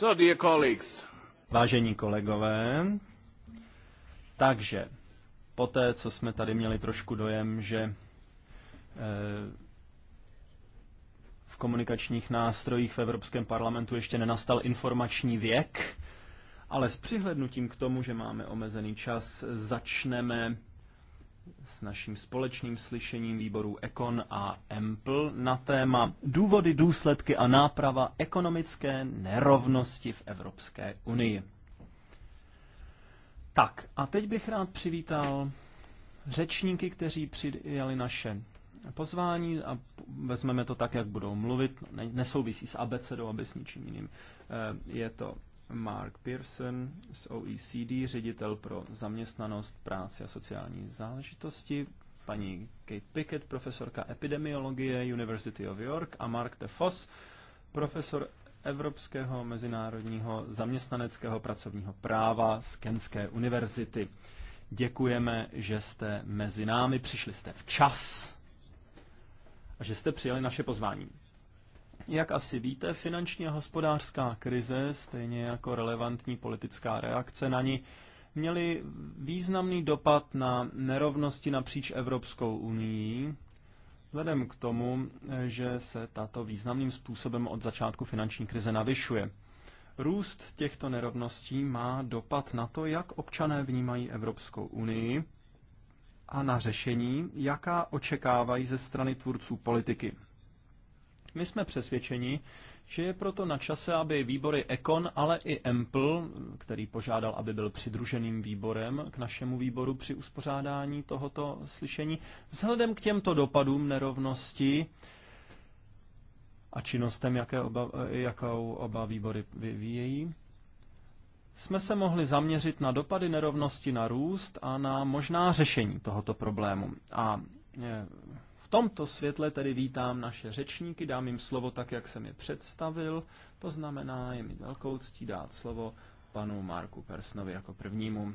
So, dear colleagues. Vážení kolegové, takže poté, co jsme tady měli trošku dojem, že eh, v komunikačních nástrojích v Evropském parlamentu ještě nenastal informační věk, ale s přihlednutím k tomu, že máme omezený čas, začneme s naším společným slyšením výborů Ekon a Empl na téma důvody, důsledky a náprava ekonomické nerovnosti v Evropské unii. Tak, a teď bych rád přivítal řečníky, kteří přijali naše pozvání a vezmeme to tak, jak budou mluvit. Nesouvisí s abecedou, aby s ničím jiným. Eh, je to Mark Pearson z OECD, ředitel pro zaměstnanost, práci a sociální záležitosti, paní Kate Pickett, profesorka epidemiologie University of York a Mark DeFoss, profesor Evropského mezinárodního zaměstnaneckého pracovního práva z Kenské univerzity. Děkujeme, že jste mezi námi, přišli jste včas a že jste přijali naše pozvání. Jak asi víte, finanční a hospodářská krize, stejně jako relevantní politická reakce na ní, měly významný dopad na nerovnosti napříč Evropskou unii, vzhledem k tomu, že se tato významným způsobem od začátku finanční krize navyšuje. Růst těchto nerovností má dopad na to, jak občané vnímají Evropskou unii a na řešení, jaká očekávají ze strany tvůrců politiky. My jsme přesvědčeni, že je proto na čase, aby výbory ECON, ale i Empl, který požádal, aby byl přidruženým výborem k našemu výboru při uspořádání tohoto slyšení, vzhledem k těmto dopadům nerovnosti a činnostem, jaké oba, jakou oba výbory vyvíjejí, jsme se mohli zaměřit na dopady nerovnosti na růst a na možná řešení tohoto problému. A je, tomto světle tedy vítám naše řečníky, dám jim slovo tak, jak jsem je představil. To znamená, je mi velkou ctí dát slovo panu Marku Persnovi jako prvnímu.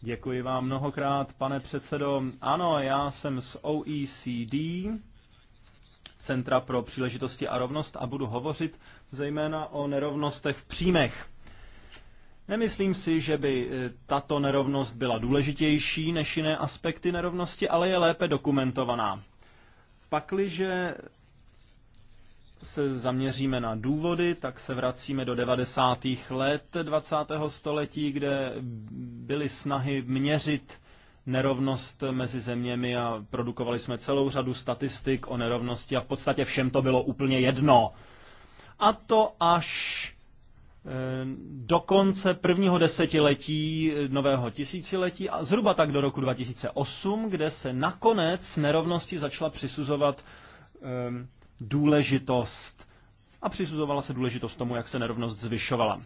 Děkuji vám mnohokrát, pane předsedo. Ano, já jsem z OECD, Centra pro příležitosti a rovnost, a budu hovořit zejména o nerovnostech v příjmech. Nemyslím si, že by eh, tato nerovnost byla důležitější než jiné aspekty nerovnosti, ale je lépe dokumentovaná. Pakliže se zaměříme na důvody, tak se vracíme do 90. let 20. století, kde byly snahy měřit nerovnost mezi zeměmi a produkovali jsme celou řadu statistik o nerovnosti a v podstatě všem to bylo úplně jedno. A to až Eh, do konce prvního desetiletí eh, nového tisíciletí a zhruba tak do roku 2008, kde se nakonec nerovnosti začala přisuzovat eh, důležitost a přisuzovala se důležitost tomu, jak se nerovnost zvyšovala.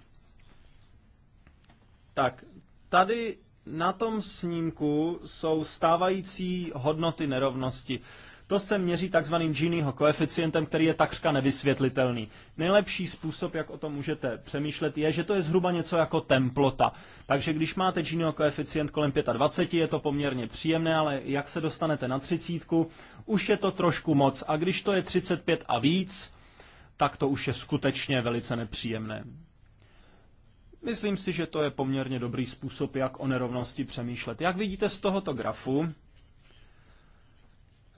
Tak, tady na tom snímku jsou stávající hodnoty nerovnosti. To se měří takzvaným Giniho koeficientem, který je takřka nevysvětlitelný. Nejlepší způsob, jak o tom můžete přemýšlet, je, že to je zhruba něco jako templota. Takže když máte Giniho koeficient kolem 25, je to poměrně příjemné, ale jak se dostanete na třicítku, už je to trošku moc. A když to je 35 a víc, tak to už je skutečně velice nepříjemné. Myslím si, že to je poměrně dobrý způsob, jak o nerovnosti přemýšlet. Jak vidíte z tohoto grafu,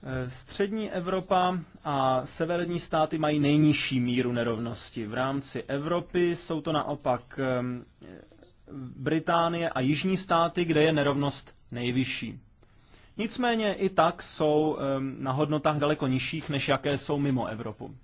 Eh, střední Evropa a severní státy mají nejnižší míru nerovnosti. V rámci Evropy jsou to naopak ehm, Británie a jižní státy, kde je nerovnost nejvyšší. Nicméně i tak jsou ehm, na hodnotách daleko nižších, než jaké jsou mimo Evropu.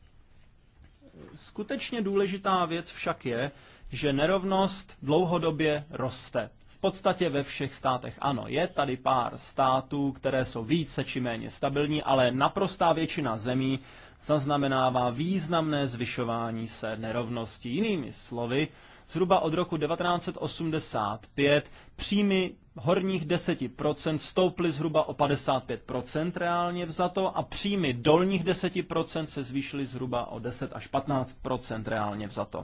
Skutečně důležitá věc však je, že nerovnost dlouhodobě roste podstatě ve všech státech ano. Je tady pár států, které jsou více či méně stabilní, ale naprostá většina zemí zaznamenává významné zvyšování se nerovností. Jinými slovy, zhruba od roku 1985 příjmy horních 10% stouply zhruba o 55% reálně vzato a příjmy dolních 10% se zvýšily zhruba o 10 až 15% reálně vzato.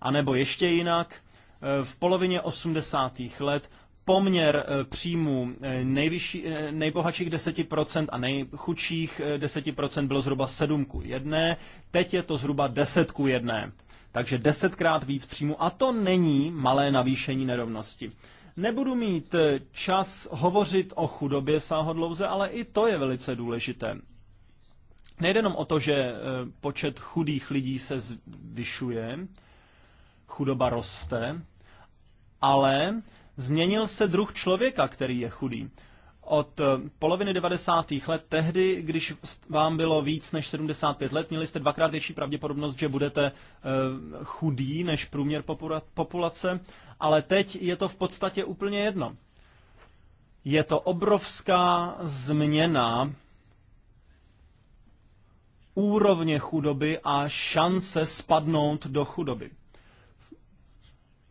A nebo ještě jinak, Eh, v polovině 80. let poměr eh, příjmů eh, nejvyšší, nejbohatších 10% a nejchudších 10% bylo zhruba 7 ku 1, teď je to zhruba 10 ku 1. Takže desetkrát víc příjmu a to není malé navýšení nerovnosti. Nebudu mít čas hovořit o chudobě sáhodlouze, ale i to je velice důležité. Nejde jenom o to, že počet chudých lidí se zvyšuje, chudoba roste, ale změnil se druh člověka, který je chudý. Od eh, poloviny 90. let, tehdy, když vám bylo víc než 75 let, měli jste dvakrát větší pravděpodobnost, že budete eh, chudí než průměr populace, ale teď je to v podstatě úplně jedno. Je to obrovská změna úrovně chudoby a šance spadnout do chudoby.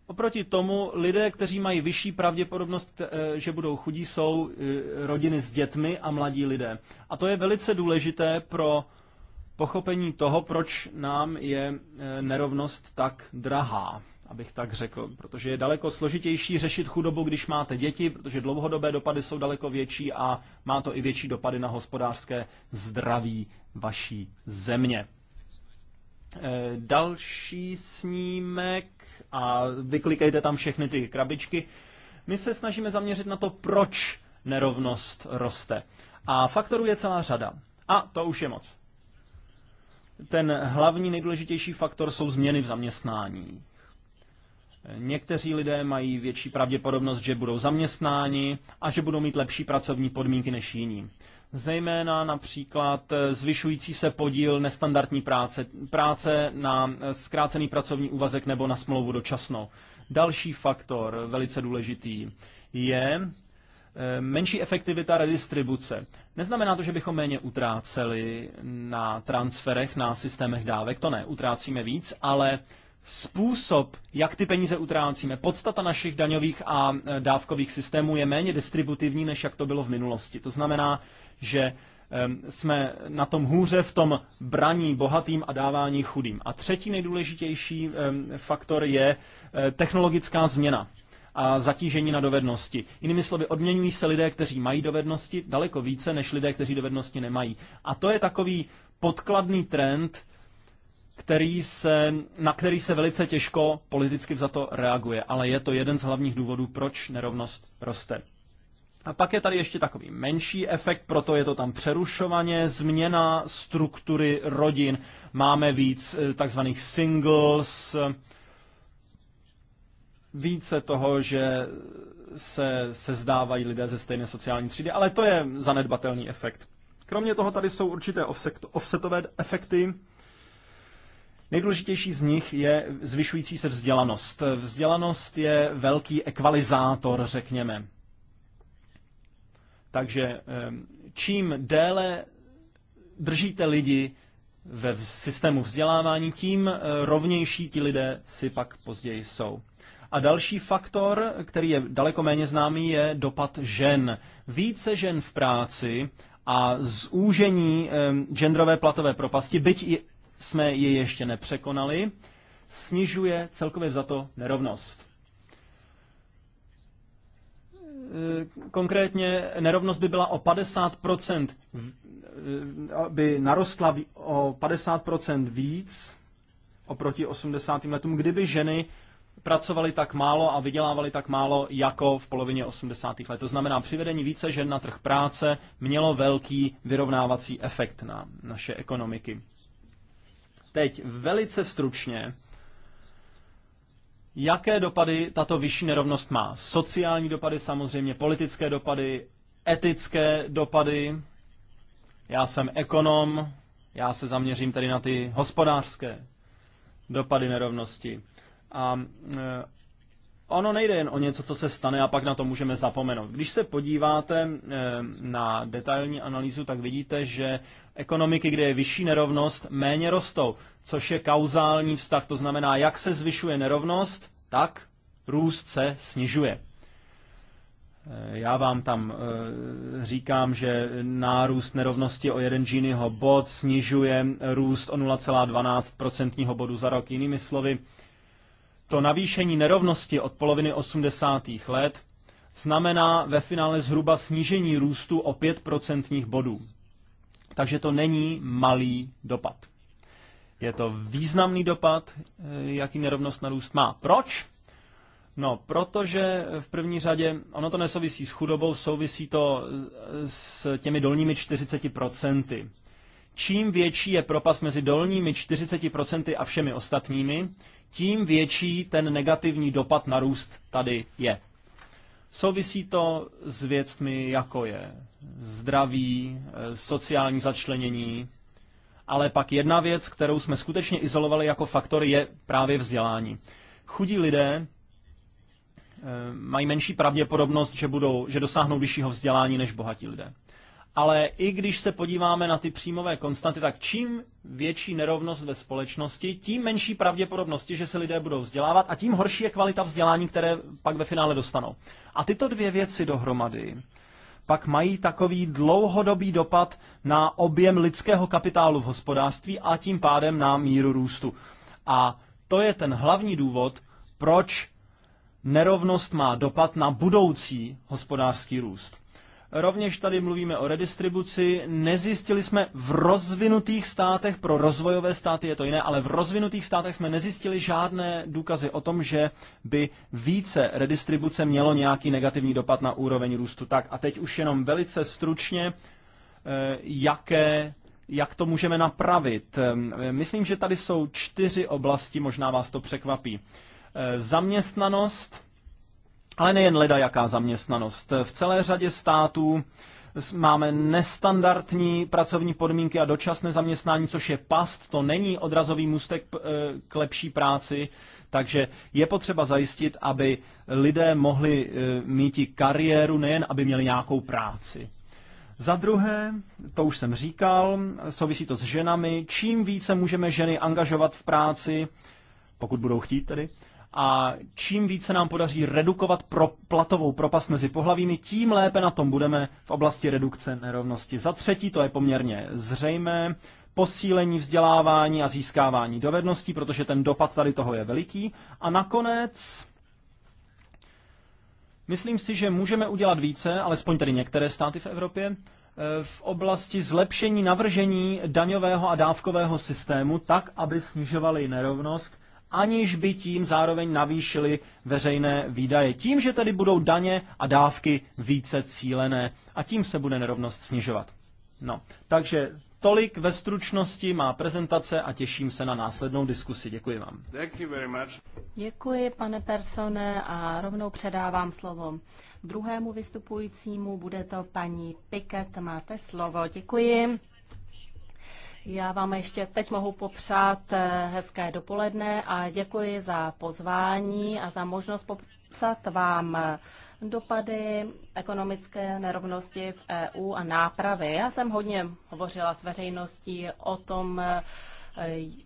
Oproti tomu lidé, kteří mají vyšší pravděpodobnost, eh, že budou chudí, jsou eh, rodiny s dětmi a mladí lidé. A to je velice důležité pro pochopení toho, proč nám je eh, nerovnost tak drahá, abych tak řekl. Protože je daleko složitější řešit chudobu, když máte děti, protože dlouhodobé dopady jsou daleko větší a má to i větší dopady na hospodářské zdraví vaší země. Další snímek a vyklikejte tam všechny ty krabičky. My se snažíme zaměřit na to, proč nerovnost roste. A faktorů je celá řada. A to už je moc. Ten hlavní nejdůležitější faktor jsou změny v zaměstnání. Někteří lidé mají větší pravděpodobnost, že budou zaměstnáni a že budou mít lepší pracovní podmínky než jiní zejména například eh, zvyšující se podíl nestandardní práce, práce na eh, zkrácený pracovní úvazek nebo na smlouvu dočasnou. Další faktor, velice důležitý, je eh, menší efektivita redistribuce. Neznamená to, že bychom méně utráceli na transferech, na systémech dávek, to ne, utrácíme víc, ale způsob, jak ty peníze utrácíme, podstata našich daňových a e, dávkových systémů je méně distributivní, než jak to bylo v minulosti. To znamená, že jsme na tom hůře v tom braní bohatým a dávání chudým. A třetí nejdůležitější faktor je e, technologická změna a zatížení na dovednosti. Jinými slovy, odměňují se lidé, kteří mají dovednosti, daleko více než lidé, kteří dovednosti nemají. A to je takový podkladný trend, který se, na který se velice těžko politicky za to reaguje, ale je to jeden z hlavních důvodů, proč nerovnost roste. A pak je tady ještě takový menší efekt, proto je to tam přerušovaně, změna struktury rodin. Máme víc eh, takzvaných singles, eh, více toho, že se sezdávají lidé ze stejné sociální třídy, ale to je zanedbatelný efekt. Kromě toho tady jsou určité offsetové efekty, Nejdůležitější z nich je zvyšující se vzdělanost. Vzdělanost je velký ekvalizátor, řekněme. Takže čím déle držíte lidi ve systému vzdělávání, tím eh, rovnější ti lidé si pak později jsou. A další faktor, který je daleko méně známý, je dopad žen. Více žen v práci a zúžení genderové platové propasti, byť i jsme ji ještě nepřekonali, snižuje celkově za to nerovnost. E, konkrétně nerovnost by byla o 50%, e, by narostla o 50% víc oproti 80. letům, kdyby ženy pracovali tak málo a vydělávali tak málo jako v polovině 80. let. To znamená, přivedení více žen na trh práce mělo velký vyrovnávací efekt na naše ekonomiky. Teď velice stručně, jaké dopady tato vyšší nerovnost má? Sociální dopady samozřejmě, politické dopady, etické dopady. Já jsem ekonom, já se zaměřím tady na ty hospodářské dopady nerovnosti. A e, Ono nejde jen o něco, co se stane a pak na to můžeme zapomenout. Když se podíváte eh, na detailní analýzu, tak vidíte, že ekonomiky, kde je vyšší nerovnost, méně rostou, což je kauzální vztah. To znamená, jak se zvyšuje nerovnost, tak růst se snižuje. Eh, já vám tam eh, říkám, že nárůst nerovnosti o jeden Giniho bod snižuje růst o 0,12% bodu za rok. Jinými slovy, to navýšení nerovnosti od poloviny 80. let znamená ve finále zhruba snížení růstu o 5% bodů. Takže to není malý dopad. Je to významný dopad, eh, jaký nerovnost na růst má. Proč? No, protože v první řadě, ono to nesouvisí s chudobou, souvisí to eh, s těmi dolními 40%. Čím větší je propas mezi dolními 40% a všemi ostatními, tím větší ten negativní dopad na růst tady je. Souvisí to s věcmi, jako je zdraví, eh, sociální začlenění, ale pak jedna věc, kterou jsme skutečně izolovali jako faktor, je právě vzdělání. Chudí lidé eh, mají menší pravděpodobnost, že, budou, že dosáhnou vyššího vzdělání než bohatí lidé ale i když se podíváme na ty příjmové konstanty, tak čím větší nerovnost ve společnosti, tím menší pravděpodobnosti, že se lidé budou vzdělávat a tím horší je kvalita vzdělání, které pak ve finále dostanou. A tyto dvě věci dohromady pak mají takový dlouhodobý dopad na objem lidského kapitálu v hospodářství a tím pádem na míru růstu. A to je ten hlavní důvod, proč nerovnost má dopad na budoucí hospodářský růst. Rovněž tady mluvíme o redistribuci. Nezjistili jsme v rozvinutých státech, pro rozvojové státy je to jiné, ale v rozvinutých státech jsme nezjistili žádné důkazy o tom, že by více redistribuce mělo nějaký negativní dopad na úroveň růstu. Tak a teď už jenom velice stručně, eh, jaké jak to můžeme napravit. Eh, myslím, že tady jsou čtyři oblasti, možná vás to překvapí. Eh, zaměstnanost, ale nejen leda jaká zaměstnanost. V celé řadě států máme nestandardní pracovní podmínky a dočasné zaměstnání, což je past, to není odrazový můstek eh, k lepší práci, takže je potřeba zajistit, aby lidé mohli eh, mít i kariéru, nejen aby měli nějakou práci. Za druhé, to už jsem říkal, souvisí to s ženami. Čím více můžeme ženy angažovat v práci, pokud budou chtít tedy, a čím více nám podaří redukovat pro platovou propast mezi pohlavími, tím lépe na tom budeme v oblasti redukce nerovnosti. Za třetí, to je poměrně zřejmé, posílení vzdělávání a získávání dovedností, protože ten dopad tady toho je veliký. A nakonec, myslím si, že můžeme udělat více, alespoň tedy některé státy v Evropě, eh, v oblasti zlepšení navržení daňového a dávkového systému tak, aby snižovaly nerovnost – aniž by tím zároveň navýšili veřejné výdaje. Tím, že tedy budou daně a dávky více cílené a tím se bude nerovnost snižovat. No, takže tolik ve stručnosti má prezentace a těším se na následnou diskusi. Děkuji vám. Děkuji, pane Persone, a rovnou předávám slovo druhému vystupujícímu. Bude to paní Piket. Máte slovo. Děkuji. Já vám ještě teď mohu popřát eh, hezké dopoledne a děkuji za pozvání a za možnost popsat vám eh, dopady ekonomické nerovnosti v EU a nápravy. Já jsem hodně hovořila s veřejností o tom, eh,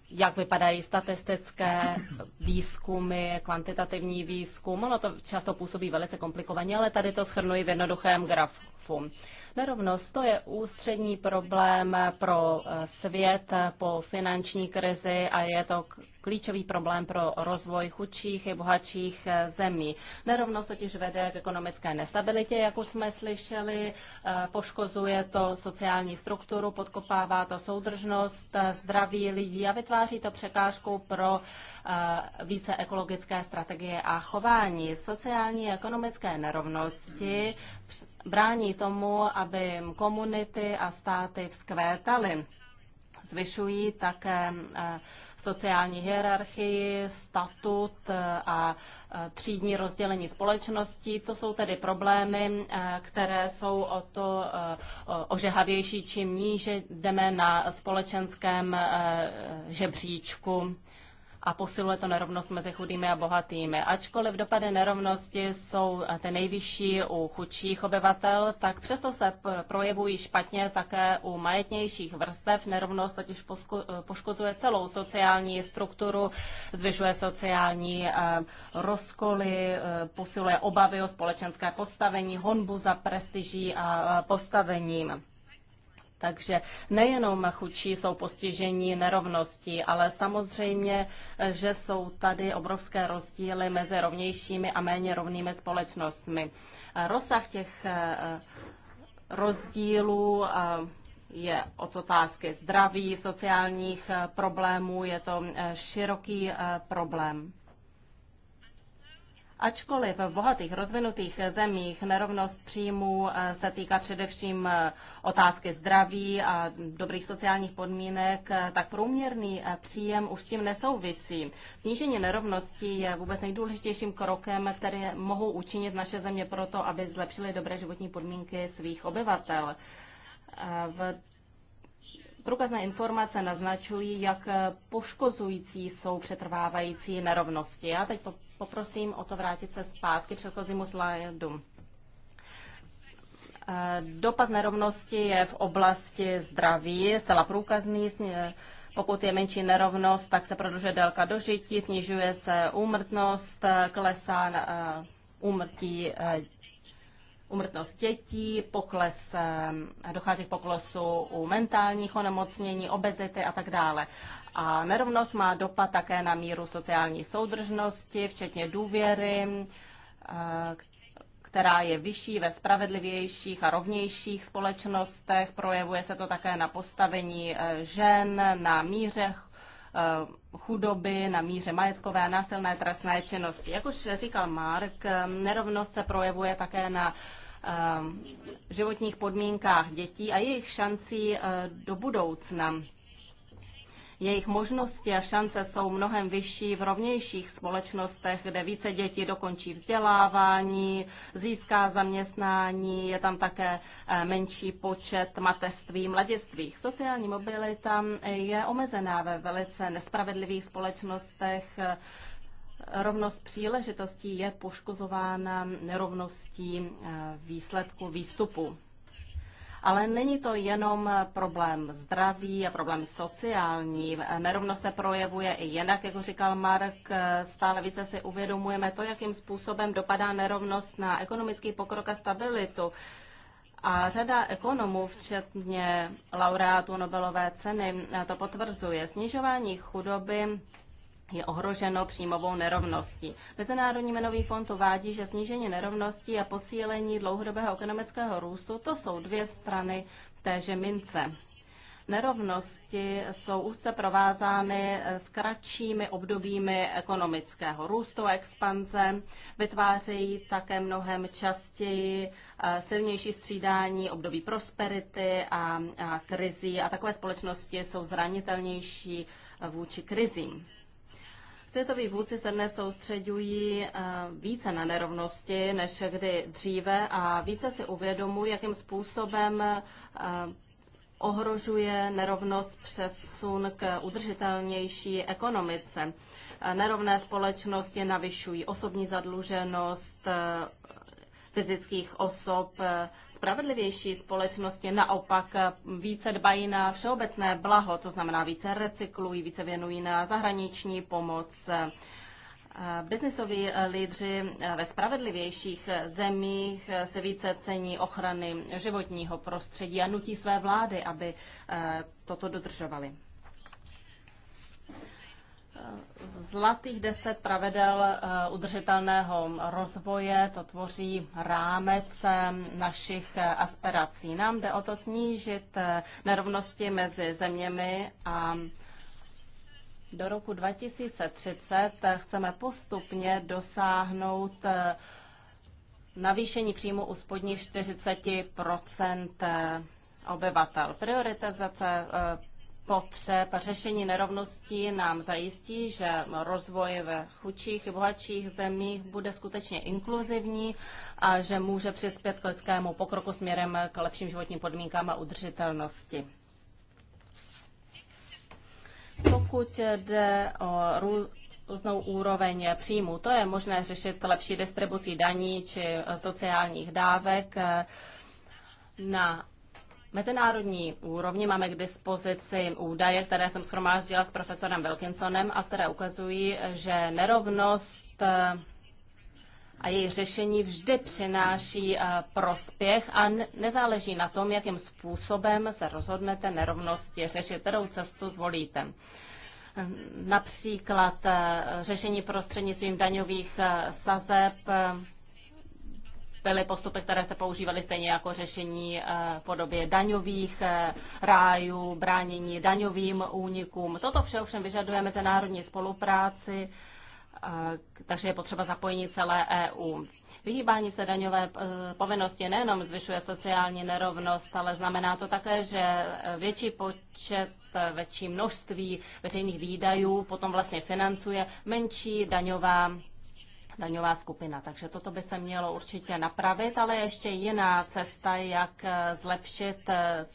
jak vypadají statistické výzkumy, kvantitativní výzkum. Ono to často působí velice komplikovaně, ale tady to schrnuji v jednoduchém grafu. Nerovnost to je ústřední problém pro eh, svět po finanční krizi a je to klíčový problém pro rozvoj chudších i bohatších eh, zemí. Nerovnost totiž vede k ekonomické nestabilitě, jak už jsme slyšeli, eh, poškozuje to sociální strukturu, podkopává to soudržnost, zdraví lidí a vytváří to překážku pro více ekologické strategie a chování. Sociální a ekonomické nerovnosti brání tomu, aby komunity a státy vzkvétaly. Zvyšují také eh, sociální hierarchii, statut eh, a eh, třídní rozdělení společností. To jsou tedy problémy, které jsou o to ožehavější, čím níže jdeme na společenském žebříčku a posiluje to nerovnost mezi chudými a bohatými. Ačkoliv dopady nerovnosti jsou ty nejvyšší u chudších obyvatel, tak přesto se projevují špatně také u majetnějších vrstev. Nerovnost totiž poškozuje celou sociální strukturu, zvyšuje sociální eh, rozkoly, eh, posiluje obavy o společenské postavení, honbu za prestiží a eh, postavením. Takže nejenom chudší jsou postižení nerovností, ale samozřejmě, že jsou tady obrovské rozdíly mezi rovnějšími a méně rovnými společnostmi. Rozsah těch eh, rozdílů eh, je od otázky zdraví, sociálních eh, problémů, je to široký problém. Ačkoliv v bohatých rozvinutých zemích nerovnost příjmů eh, se týká především eh, otázky zdraví a dobrých sociálních podmínek, eh, tak průměrný příjem už s tím nesouvisí. Snížení nerovností je vůbec nejdůležitějším krokem, který mohou učinit naše země proto, aby zlepšily dobré životní podmínky svých obyvatel. V průkazné informace naznačují, jak eh, poškozující jsou přetrvávající nerovnosti. Já teď poprosím o to vrátit se zpátky předchozímu slajdu. Eh, dopad nerovnosti je v oblasti zdraví zcela průkazný. Eh, pokud je menší nerovnost, tak se prodlužuje délka dožití, snižuje se úmrtnost, klesá úmrtí umrtnost dětí, pokles, eh, dochází k poklesu u mentálních onemocnění, obezity a tak dále. A nerovnost má dopad také na míru sociální soudržnosti, včetně důvěry, eh, která je vyšší ve spravedlivějších a rovnějších společnostech. Projevuje se to také na postavení eh, žen, na míře chudoby, na míře majetkové a násilné trestné činnosti. Jak už říkal Mark, nerovnost se projevuje také na Um, životních podmínkách dětí a jejich šancí uh, do budoucna. Jejich možnosti a šance jsou mnohem vyšší v rovnějších společnostech, kde více dětí dokončí vzdělávání, získá zaměstnání, je tam také eh, menší počet mateřství, mladistvých. Sociální mobilita eh, je omezená ve velice nespravedlivých společnostech, eh, Rovnost příležitostí je poškozována nerovností eh, výsledku výstupu. Ale není to jenom problém zdraví a problém sociální. Nerovnost se projevuje i jinak, jako říkal Mark. Stále více si uvědomujeme to, jakým způsobem dopadá nerovnost na ekonomický pokrok a stabilitu. A řada ekonomů, včetně laureátů Nobelové ceny, to potvrzuje. Snižování chudoby je ohroženo příjmovou nerovností. Mezinárodní měnový fond uvádí, že snížení nerovností a posílení dlouhodobého ekonomického růstu to jsou dvě strany téže mince. Nerovnosti jsou úzce provázány s kratšími obdobími ekonomického růstu a expanze, vytvářejí také mnohem častěji eh, silnější střídání období prosperity a, a krizí a takové společnosti jsou zranitelnější vůči krizím. Světoví vůdci se dnes soustředují eh, více na nerovnosti než kdy dříve a více si uvědomují, jakým způsobem eh, ohrožuje nerovnost přesun k udržitelnější ekonomice. Eh, nerovné společnosti navyšují osobní zadluženost fyzických osob, spravedlivější společnosti naopak eh, více dbají na všeobecné blaho, to znamená více recyklují, více věnují na zahraniční pomoc. Eh, Biznisoví eh, lídři ve spravedlivějších zemích se více cení ochrany životního prostředí a nutí své vlády, aby toto dodržovali zlatých deset pravidel eh, udržitelného rozvoje. To tvoří rámec eh, našich eh, aspirací. Nám jde o to snížit nerovnosti mezi zeměmi a do roku 2030 chceme postupně dosáhnout navýšení příjmu u spodních 40 obyvatel. Prioritizace potřeb, řešení nerovností nám zajistí, že rozvoj ve chudších i bohatších zemích bude skutečně inkluzivní a že může přispět k lidskému pokroku směrem k lepším životním podmínkám a udržitelnosti. Pokud jde o různou úroveň příjmu, to je možné řešit lepší distribucí daní či sociálních dávek na mezinárodní úrovni máme k dispozici údaje, které jsem schromáždila s profesorem Wilkinsonem a které ukazují, že nerovnost eh, a její řešení vždy přináší eh, prospěch a nezáleží na tom, jakým způsobem se rozhodnete nerovnosti řešit, kterou cestu zvolíte například eh, řešení prostřednictvím daňových sazeb byly postupy, které se používaly stejně jako řešení eh, podobě daňových eh, rájů, bránění daňovým únikům. Toto vše ovšem vyžaduje mezinárodní spolupráci, eh, takže je potřeba zapojení celé EU. Vyhýbání se daňové povinnosti nejenom zvyšuje sociální nerovnost, ale znamená to také, že větší počet, větší množství veřejných výdajů potom vlastně financuje menší daňová daňová skupina. Takže toto by se mělo určitě napravit, ale ještě jiná cesta, jak eh, zlepšit eh,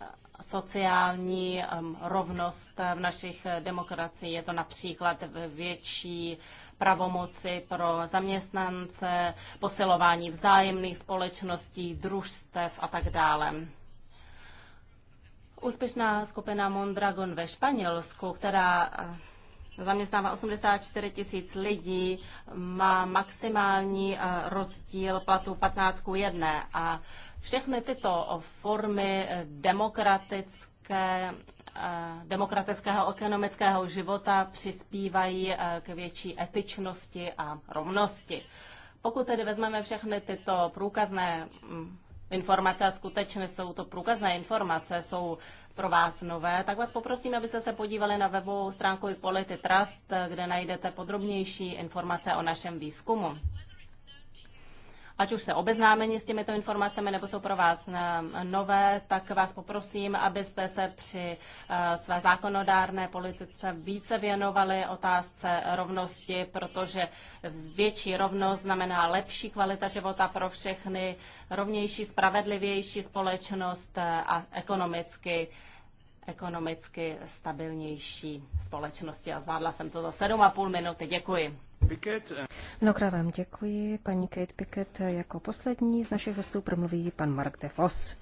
eh, sociální rovnost v našich demokracií, Je to například větší pravomoci pro zaměstnance, posilování vzájemných společností, družstev a tak dále. Úspěšná skupina Mondragon ve Španělsku, která zaměstnává 84 tisíc lidí, má maximální eh, rozdíl platu 15 k 1 a všechny tyto formy eh, demokratické eh, demokratického ekonomického života přispívají k větší etičnosti a rovnosti. Pokud tedy vezmeme všechny tyto průkazné mm, informace a skutečně jsou to průkazné informace, jsou pro vás nové, tak vás poprosím, abyste se podívali na webovou stránku Equality Trust, kde najdete podrobnější informace o našem výzkumu ať už se obeznámeni s těmito informacemi nebo jsou pro vás eh, nové, tak vás poprosím, abyste se při eh, své zákonodárné politice více věnovali otázce rovnosti, protože větší rovnost znamená lepší kvalita života pro všechny, rovnější, spravedlivější společnost eh, a ekonomicky ekonomicky stabilnější společnosti. A zvládla jsem to za 7,5 minuty. Děkuji. Mnohokrát vám děkuji. Paní Kate Pickett jako poslední z našich hostů promluví pan Mark DeFos.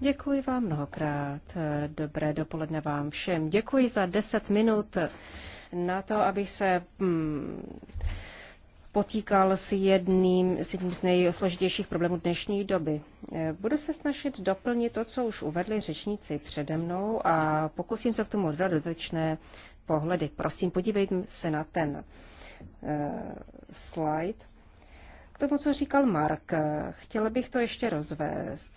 Děkuji vám mnohokrát. Dobré dopoledne vám všem. Děkuji za 10 minut na to, aby se hmm, potýkal s jedním, s jedním z nejsložitějších problémů dnešní doby. Eh, budu se snažit doplnit to, co už uvedli řečníci přede mnou a pokusím se k tomu dodat dotečné pohledy. Prosím, podívejte se na ten uh, slide. K tomu, co říkal Mark, eh, chtěla bych to ještě rozvést.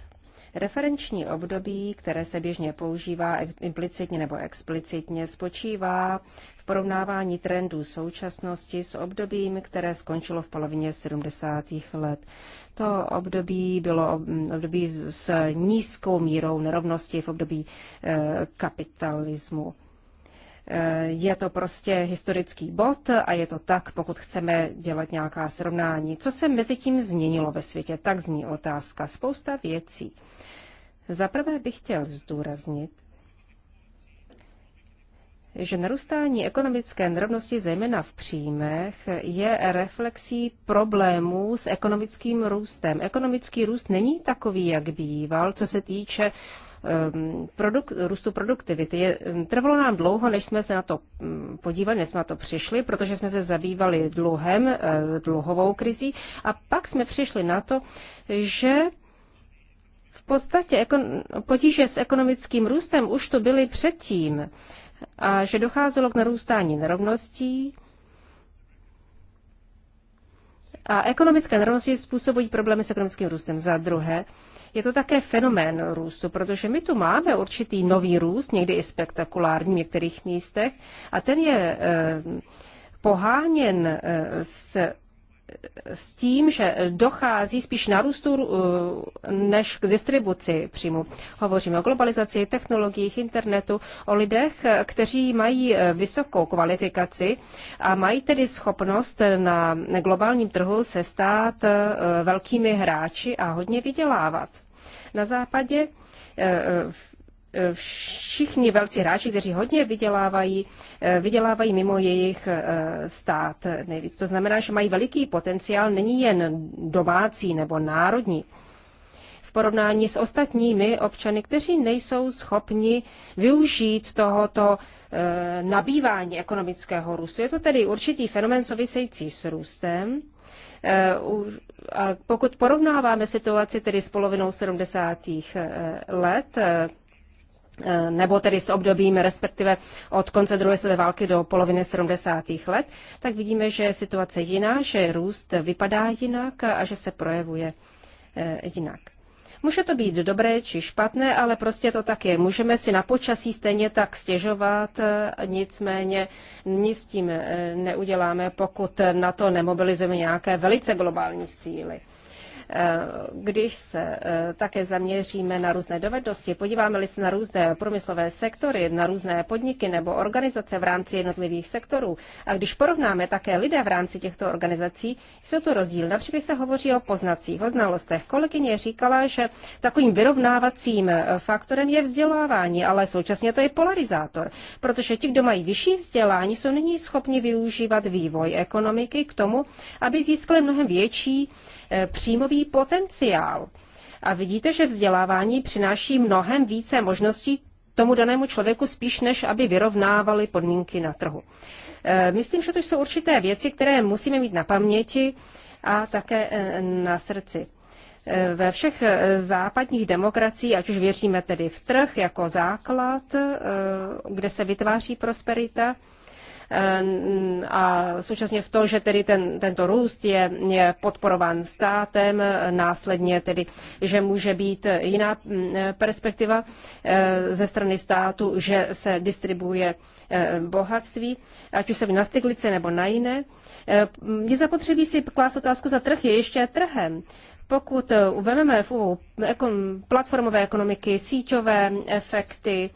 Referenční období, které se běžně používá implicitně nebo explicitně, spočívá v porovnávání trendů současnosti s obdobím, které skončilo v polovině 70. let. To období bylo období s nízkou mírou nerovnosti v období eh, kapitalismu. Eh, je to prostě historický bod a je to tak, pokud chceme dělat nějaká srovnání. Co se mezi tím změnilo ve světě? Tak zní otázka. Spousta věcí. Za prvé bych chtěl zdůraznit, že narůstání ekonomické nerovnosti, zejména v příjmech, je reflexí problémů s ekonomickým růstem. Ekonomický růst není takový, jak býval, co se týče Ehm, produk, růstu produktivity. Je, ehm, trvalo nám dlouho, než jsme se na to mm, podívali, než jsme na to přišli, protože jsme se zabývali dluhem, eh, dluhovou krizí a pak jsme přišli na to, že v podstatě potíže s ekonomickým růstem už to byly předtím a že docházelo k narůstání nerovností, a ekonomické nerovnosti způsobují problémy s ekonomickým růstem. Za druhé, je to také fenomén růstu, protože my tu máme určitý nový růst, někdy i spektakulární v některých místech, a ten je eh, poháněn eh, s s tím, že dochází spíš na růstu eh, než k distribuci příjmu. Hovoříme o globalizaci, technologiích, internetu, o lidech, kteří mají eh, vysokou kvalifikaci a mají tedy schopnost na globálním trhu se stát eh, velkými hráči a hodně vydělávat. Na západě Eh, všichni velcí hráči, kteří hodně vydělávají, eh, vydělávají mimo jejich eh, stát nejvíc. To znamená, že mají veliký potenciál, není jen domácí nebo národní. V porovnání s ostatními občany, kteří nejsou schopni využít tohoto nabývání ekonomického růstu. Je to tedy určitý fenomen související s růstem. A pokud porovnáváme situaci tedy s polovinou 70. let, Eh, nebo tedy s obdobím respektive od konce druhé světové války do poloviny 70. let, tak vidíme, že je situace jiná, že růst vypadá jinak a že se projevuje eh, jinak. Může to být dobré či špatné, ale prostě to tak je. Můžeme si na počasí stejně tak stěžovat, eh, nicméně nic s tím neuděláme, pokud na to nemobilizujeme nějaké velice globální síly. Eh, když se eh, také zaměříme na různé dovednosti, podíváme-li se na různé průmyslové sektory, na různé podniky nebo organizace v rámci jednotlivých sektorů a když porovnáme také lidé v rámci těchto organizací, jsou tu rozdíl. Například se hovoří o poznacích, o znalostech. Kolegyně říkala, že takovým vyrovnávacím eh, faktorem je vzdělávání, ale současně to je polarizátor, protože ti, kdo mají vyšší vzdělání, jsou nyní schopni využívat vývoj ekonomiky k tomu, aby získali mnohem větší E, příjmový potenciál. A vidíte, že vzdělávání přináší mnohem více možností tomu danému člověku spíš, než aby vyrovnávali podmínky na trhu. E, myslím, že to jsou určité věci, které musíme mít na paměti a také e, na srdci. Ve všech západních demokracií, ať už věříme tedy v trh jako základ, kde se vytváří prosperita, Eh, a současně v to, že tedy ten, tento růst je, je podporován státem, následně tedy, že může být jiná mm, perspektiva eh, ze strany státu, že se distribuje eh, bohatství, ať už se na styklice nebo na jiné. Je zapotřebí si klást otázku za trh, je ještě trhem pokud uvememe v platformové ekonomiky, síťové efekty,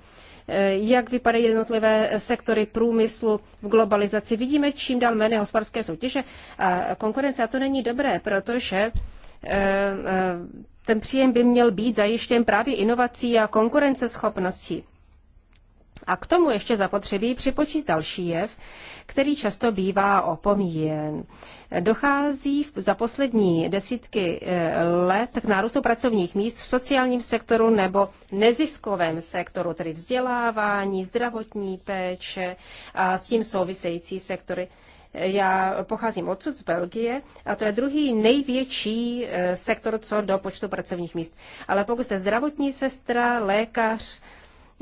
Eh, jak vypadají jednotlivé sektory průmyslu v globalizaci. Vidíme čím dál méně hospodářské soutěže a konkurence a to není dobré, protože eh, eh, ten příjem by měl být zajištěn právě inovací a konkurenceschopností. A k tomu ještě zapotřebí připočíst další jev, který často bývá opomíjen. Dochází za poslední desítky eh, let k nárůstu pracovních míst v sociálním sektoru nebo neziskovém sektoru, tedy vzdělávání, zdravotní péče a s tím související sektory. Já pocházím odsud z Belgie a to je druhý největší eh, sektor co do počtu pracovních míst. Ale pokud jste zdravotní sestra, lékař,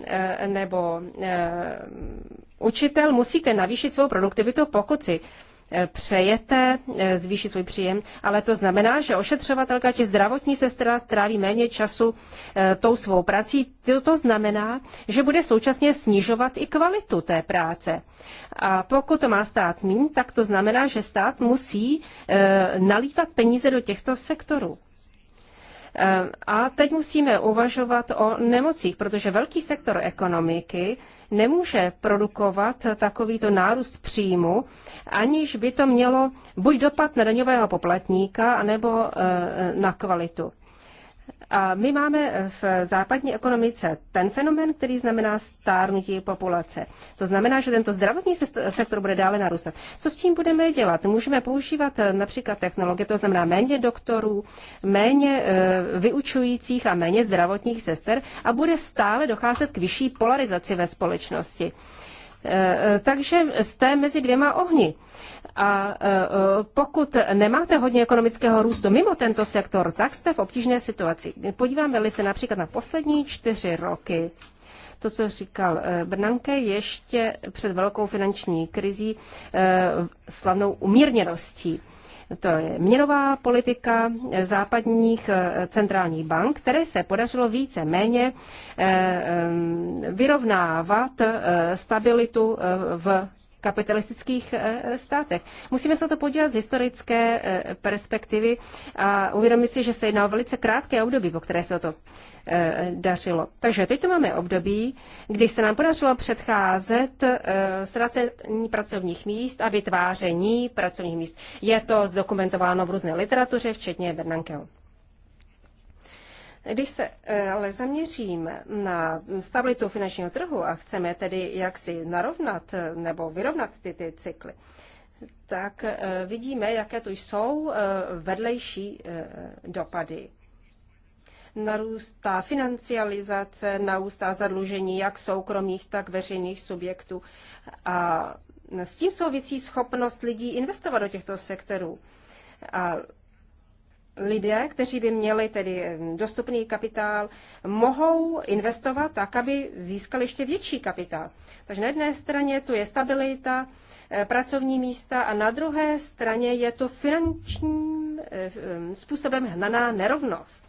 Eh, nebo eh, učitel, musíte navýšit svou produktivitu, pokud si eh, přejete zvýšit svůj příjem, ale to znamená, že ošetřovatelka či zdravotní sestra stráví méně času tou svou prací. To znamená, že bude současně snižovat i kvalitu té práce. A pokud to má stát mín, tak to znamená, že stát musí nalívat peníze do těchto sektorů. A teď musíme uvažovat o nemocích, protože velký sektor ekonomiky nemůže produkovat takovýto nárůst příjmu, aniž by to mělo buď dopad na daňového poplatníka, anebo eh, na kvalitu. A my máme v západní ekonomice ten fenomen, který znamená stárnutí populace. To znamená, že tento zdravotní sektor bude dále narůstat. Co s tím budeme dělat? Můžeme používat eh, například technologie, to znamená méně doktorů, méně eh, vyučujících a méně zdravotních sester a bude stále docházet k vyšší polarizaci ve společnosti. Eh, eh, takže jste mezi dvěma ohni. A eh, pokud nemáte hodně ekonomického růstu mimo tento sektor, tak jste v obtížné situaci. Podíváme-li se například na poslední čtyři roky, to, co říkal Brnanke, ještě před velkou finanční krizí slavnou umírněností to je měnová politika západních eh, centrálních bank, které se podařilo více méně eh, vyrovnávat eh, stabilitu v kapitalistických eh, státech. Musíme se to podívat z historické eh, perspektivy a uvědomit si, že se jedná o velice krátké období, po které se to eh, dařilo. Takže teď to máme období, kdy se nám podařilo předcházet ztracení pracovních míst a vytváření pracovních míst. Je to zdokumentováno v různé literatuře, včetně Bernankeho. Když se eh, ale zaměříme na stabilitu finančního trhu a chceme tedy jaksi narovnat eh, nebo vyrovnat ty, ty cykly, tak eh, vidíme, jaké to jsou vedlejší dopady. Narůstá financializace, narůstá zadlužení jak soukromých, tak veřejných subjektů. A s tím souvisí schopnost lidí investovat do těchto sektorů. A lidé, kteří by měli tedy dostupný kapitál, mohou investovat tak, aby získali ještě větší kapitál. Takže na jedné straně tu je stabilita, eh, pracovní místa a na druhé straně je to finančním eh, způsobem hnaná nerovnost.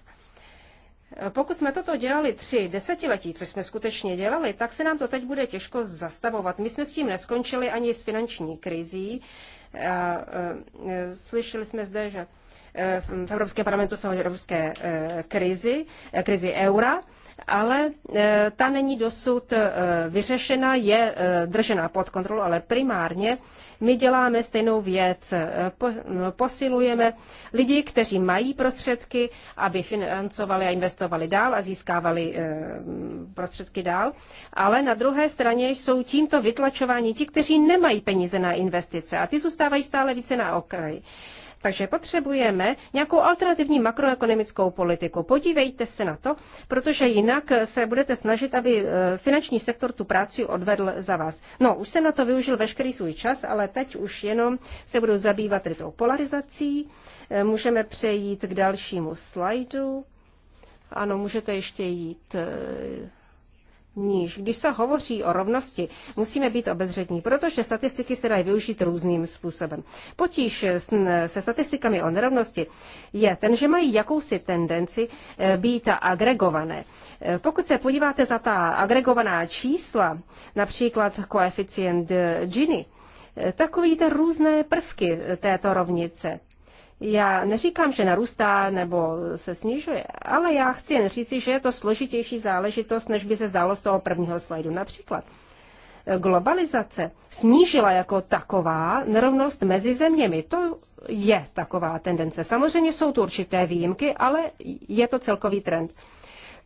Eh, pokud jsme toto dělali tři desetiletí, což jsme skutečně dělali, tak se nám to teď bude těžko zastavovat. My jsme s tím neskončili ani s finanční krizí. Slyšeli jsme zde, že v Evropském parlamentu jsou evropské eh, krizi, eh, krizi eura, ale eh, ta není dosud vyřešena, je držena pod kontrolou, ale primárně my děláme stejnou věc. Posilujeme lidi, kteří mají prostředky, aby financovali a investovali dál a získávali prostředky dál, ale na druhé straně jsou tímto vytlačováni ti, kteří nemají peníze na investice a ty zůstávají stále více na okraji. Takže potřebujeme nějakou alternativní makroekonomickou politiku. Podívejte se na to, protože jinak se budete snažit, aby eh, finanční sektor tu práci odvedl za vás. No, už jsem na to využil veškerý svůj čas, ale teď už jenom se budu zabývat tou polarizací. Eh, můžeme přejít k dalšímu slajdu. Ano, můžete ještě jít eh, níž. Když se hovoří o rovnosti, musíme být obezřetní, protože statistiky se dají využít různým způsobem. Potíž se statistikami o nerovnosti je ten, že mají jakousi tendenci eh, být agregované. Eh, pokud se podíváte za ta agregovaná čísla, například koeficient eh, Gini, tak uvidíte různé prvky této rovnice. Já neříkám, že narůstá nebo se snižuje, ale já chci jen říci, že je to složitější záležitost, než by se zdálo z toho prvního slajdu. Například eh, globalizace snížila jako taková nerovnost mezi zeměmi. To je taková tendence. Samozřejmě jsou tu určité výjimky, ale je to celkový trend.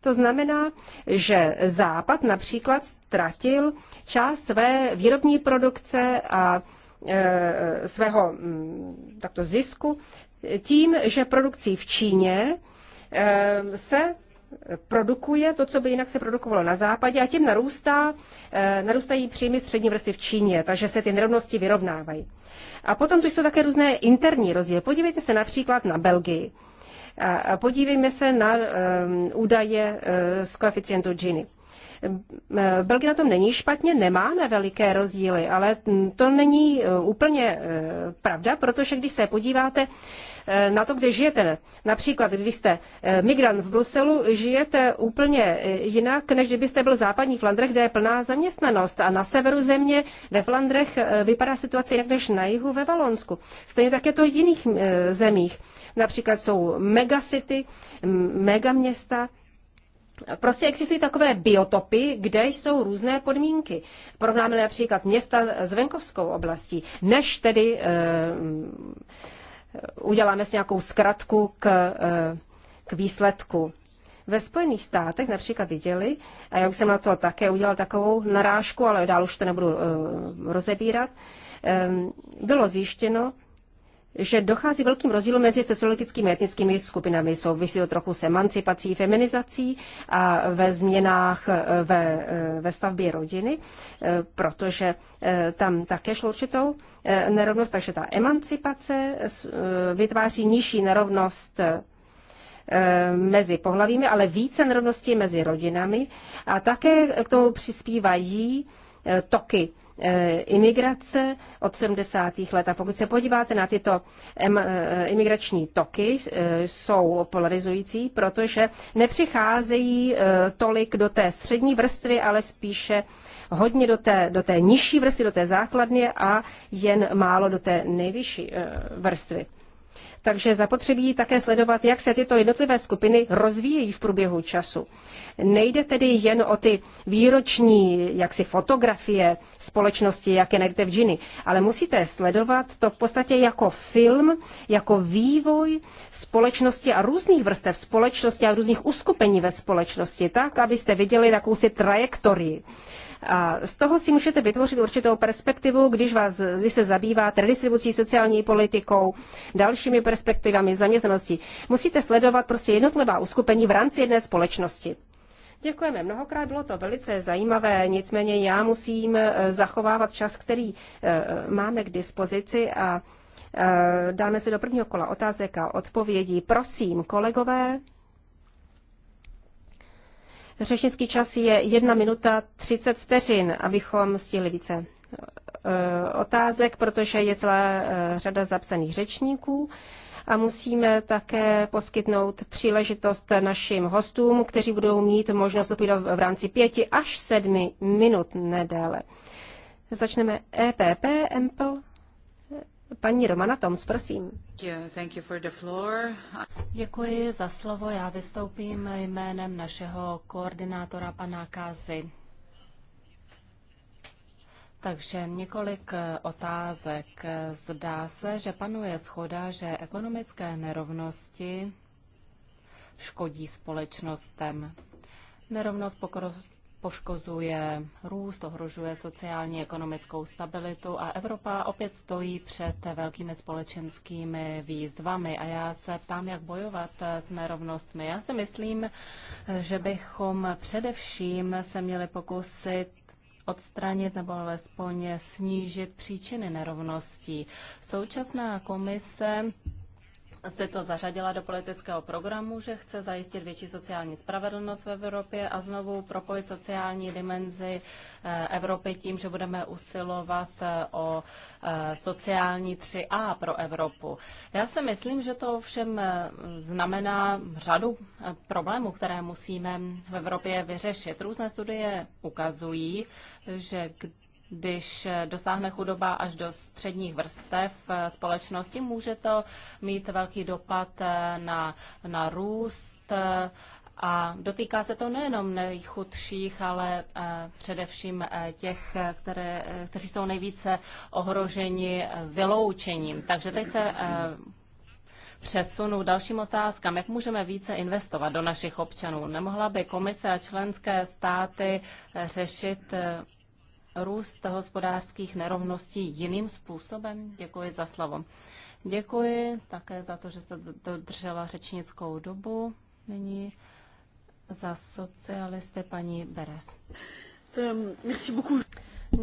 To znamená, že Západ například ztratil část své výrobní produkce a eh, svého mm, takto zisku tím, že produkcí v Číně eh, se produkuje to, co by jinak se produkovalo na západě a tím narůstá, eh, narůstají příjmy střední vrstvy v Číně, takže se ty nerovnosti vyrovnávají. A potom tu jsou také různé interní rozdíly. Podívejte se například na Belgii. podívejme se na eh, údaje z koeficientu Gini. Eh, Belgie na tom není špatně, nemáme veliké rozdíly, ale mm, to není eh, úplně eh, pravda, protože když se podíváte na to, kde žijete, například když jste migrant v Bruselu, žijete úplně jinak, než kdybyste byl v západní Flandrech, kde je plná zaměstnanost a na severu země ve Flandrech vypadá situace jinak než na jihu ve Valonsku. Stejně tak je to v jiných zemích. Například jsou megacity, megaměsta, Prostě existují takové biotopy, kde jsou různé podmínky. Porovnáme například města s venkovskou oblastí, než tedy uh, uděláme si nějakou zkratku k, uh, k výsledku. Ve Spojených státech například viděli, a já už jsem na to také udělal takovou narážku, ale dál už to nebudu uh, rozebírat, um, bylo zjištěno, že dochází velkým rozdílům mezi sociologickými a etnickými skupinami. Souvisí to trochu s emancipací, feminizací a ve změnách e, ve, e, ve stavbě rodiny, e, protože tam také šlo určitou nerovnost, takže ta emancipace vytváří nižší nerovnost mezi pohlavími, ale více nerovnosti mezi rodinami a také k tomu přispívají toky Eh, imigrace od 70. let. A pokud se podíváte na tyto eh, imigrační toky, eh, jsou polarizující, protože nepřicházejí tolik do té střední vrstvy, ale spíše hodně do té, do té nižší vrstvy, do té základny a jen málo do té nejvyšší vrstvy takže zapotřebí také sledovat, jak se tyto jednotlivé skupiny rozvíjejí v průběhu času. Nejde tedy jen o ty výroční jaksi fotografie společnosti, jak je najdete v džiny, ale musíte sledovat to v podstatě jako film, jako vývoj společnosti a různých vrstev společnosti a různých uskupení ve společnosti, tak, abyste viděli jakousi trajektorii a z toho si můžete vytvořit určitou perspektivu, když, vás, když se zabýváte redistribucí sociální politikou, dalšími perspektivami zaměstnanosti. Musíte sledovat prostě jednotlivá uskupení v rámci jedné společnosti. Děkujeme mnohokrát, bylo to velice zajímavé, nicméně já musím eh, zachovávat čas, který eh, máme k dispozici a eh, dáme se do prvního kola otázek a odpovědí. Prosím, kolegové. Řečnický čas je 1 minuta 30 vteřin, abychom stihli více eh, otázek, protože je celá eh, řada zapsaných řečníků a musíme také poskytnout příležitost našim hostům, kteří budou mít možnost odpovídat v rámci pěti až sedmi minut nedále. Začneme EPP, Empl, Paní Romana Toms, prosím. Děkuji za slovo. Já vystoupím jménem našeho koordinátora pana Kázy. Takže několik otázek. Zdá se, že panuje schoda, že ekonomické nerovnosti škodí společnostem. Nerovnost poškozuje růst, ohrožuje sociální ekonomickou stabilitu a Evropa opět stojí před velkými společenskými výzvami. A já se ptám, jak bojovat s nerovnostmi. Já si myslím, že bychom především se měli pokusit odstranit nebo alespoň snížit příčiny nerovností. Současná komise Jste to zařadila do politického programu, že chce zajistit větší sociální spravedlnost v Evropě a znovu propojit sociální dimenzi eh, Evropy tím, že budeme usilovat eh, o eh, sociální 3A pro Evropu. Já si myslím, že to všem znamená řadu problémů, které musíme v Evropě vyřešit. Různé studie ukazují, že když dosáhne chudoba až do středních vrstev společnosti, může to mít velký dopad na, na růst a dotýká se to nejenom nejchudších, ale eh, především eh, těch, které, kteří jsou nejvíce ohroženi vyloučením. Takže teď se eh, přesunu dalším otázkám. Jak můžeme více investovat do našich občanů? Nemohla by komise a členské státy řešit růst hospodářských nerovností jiným způsobem? Děkuji za slovo. Děkuji také za to, že jste dodržela řečnickou dobu. Nyní za socialisty paní Beres. Ehm,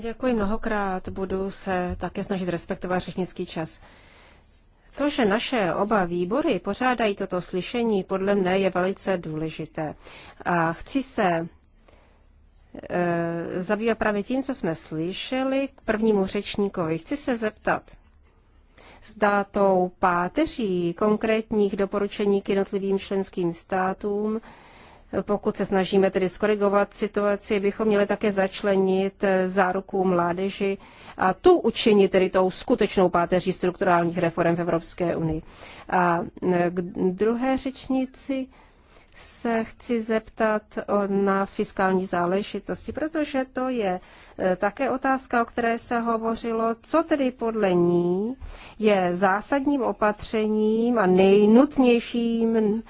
Děkuji mnohokrát, budu se také snažit respektovat řečnický čas. To, že naše oba výbory pořádají toto slyšení, podle mne je velice důležité. A chci se Eh, zabývá právě tím, co jsme slyšeli k prvnímu řečníkovi. Chci se zeptat, zda tou páteří konkrétních doporučení k jednotlivým členským státům, pokud se snažíme tedy skorigovat situaci, bychom měli také začlenit záruku mládeži a tu učinit tedy tou skutečnou páteří strukturálních reform v Evropské unii. A k druhé řečnici, se chci zeptat na fiskální záležitosti, protože to je e, také otázka, o které se hovořilo, co tedy podle ní je zásadním opatřením a nejnutnějším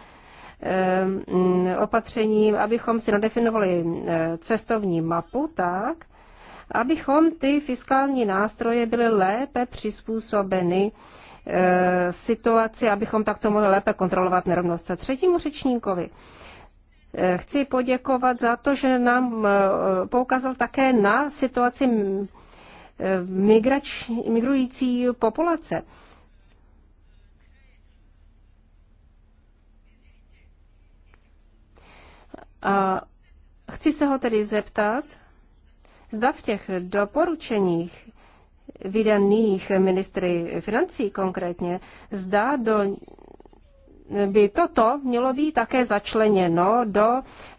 e, opatřením, abychom si nadefinovali e, cestovní mapu tak, abychom ty fiskální nástroje byly lépe přizpůsobeny Eh, situaci, abychom takto mohli lépe kontrolovat nerovnost. A třetímu řečníkovi eh, chci poděkovat za to, že nám eh, poukázal také na situaci mm, migrač, migrující populace. A chci se ho tedy zeptat, zda v těch doporučeních vydaných ministry financí konkrétně, zdá do by toto mělo být také začleněno do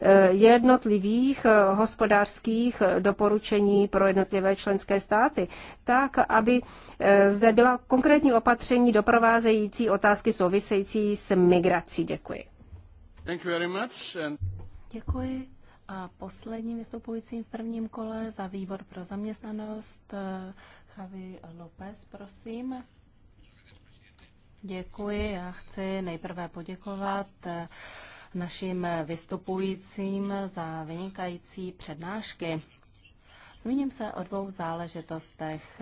eh, jednotlivých eh, hospodářských doporučení pro jednotlivé členské státy, tak aby eh, zde byla konkrétní opatření doprovázející otázky související s migrací. Děkuji. And... Děkuji. A posledním vystupujícím v prvním kole za výbor pro zaměstnanost Javi López, prosím. Děkuji. Já chci nejprve poděkovat eh, našim vystupujícím za vynikající přednášky. Zmíním se o dvou záležitostech.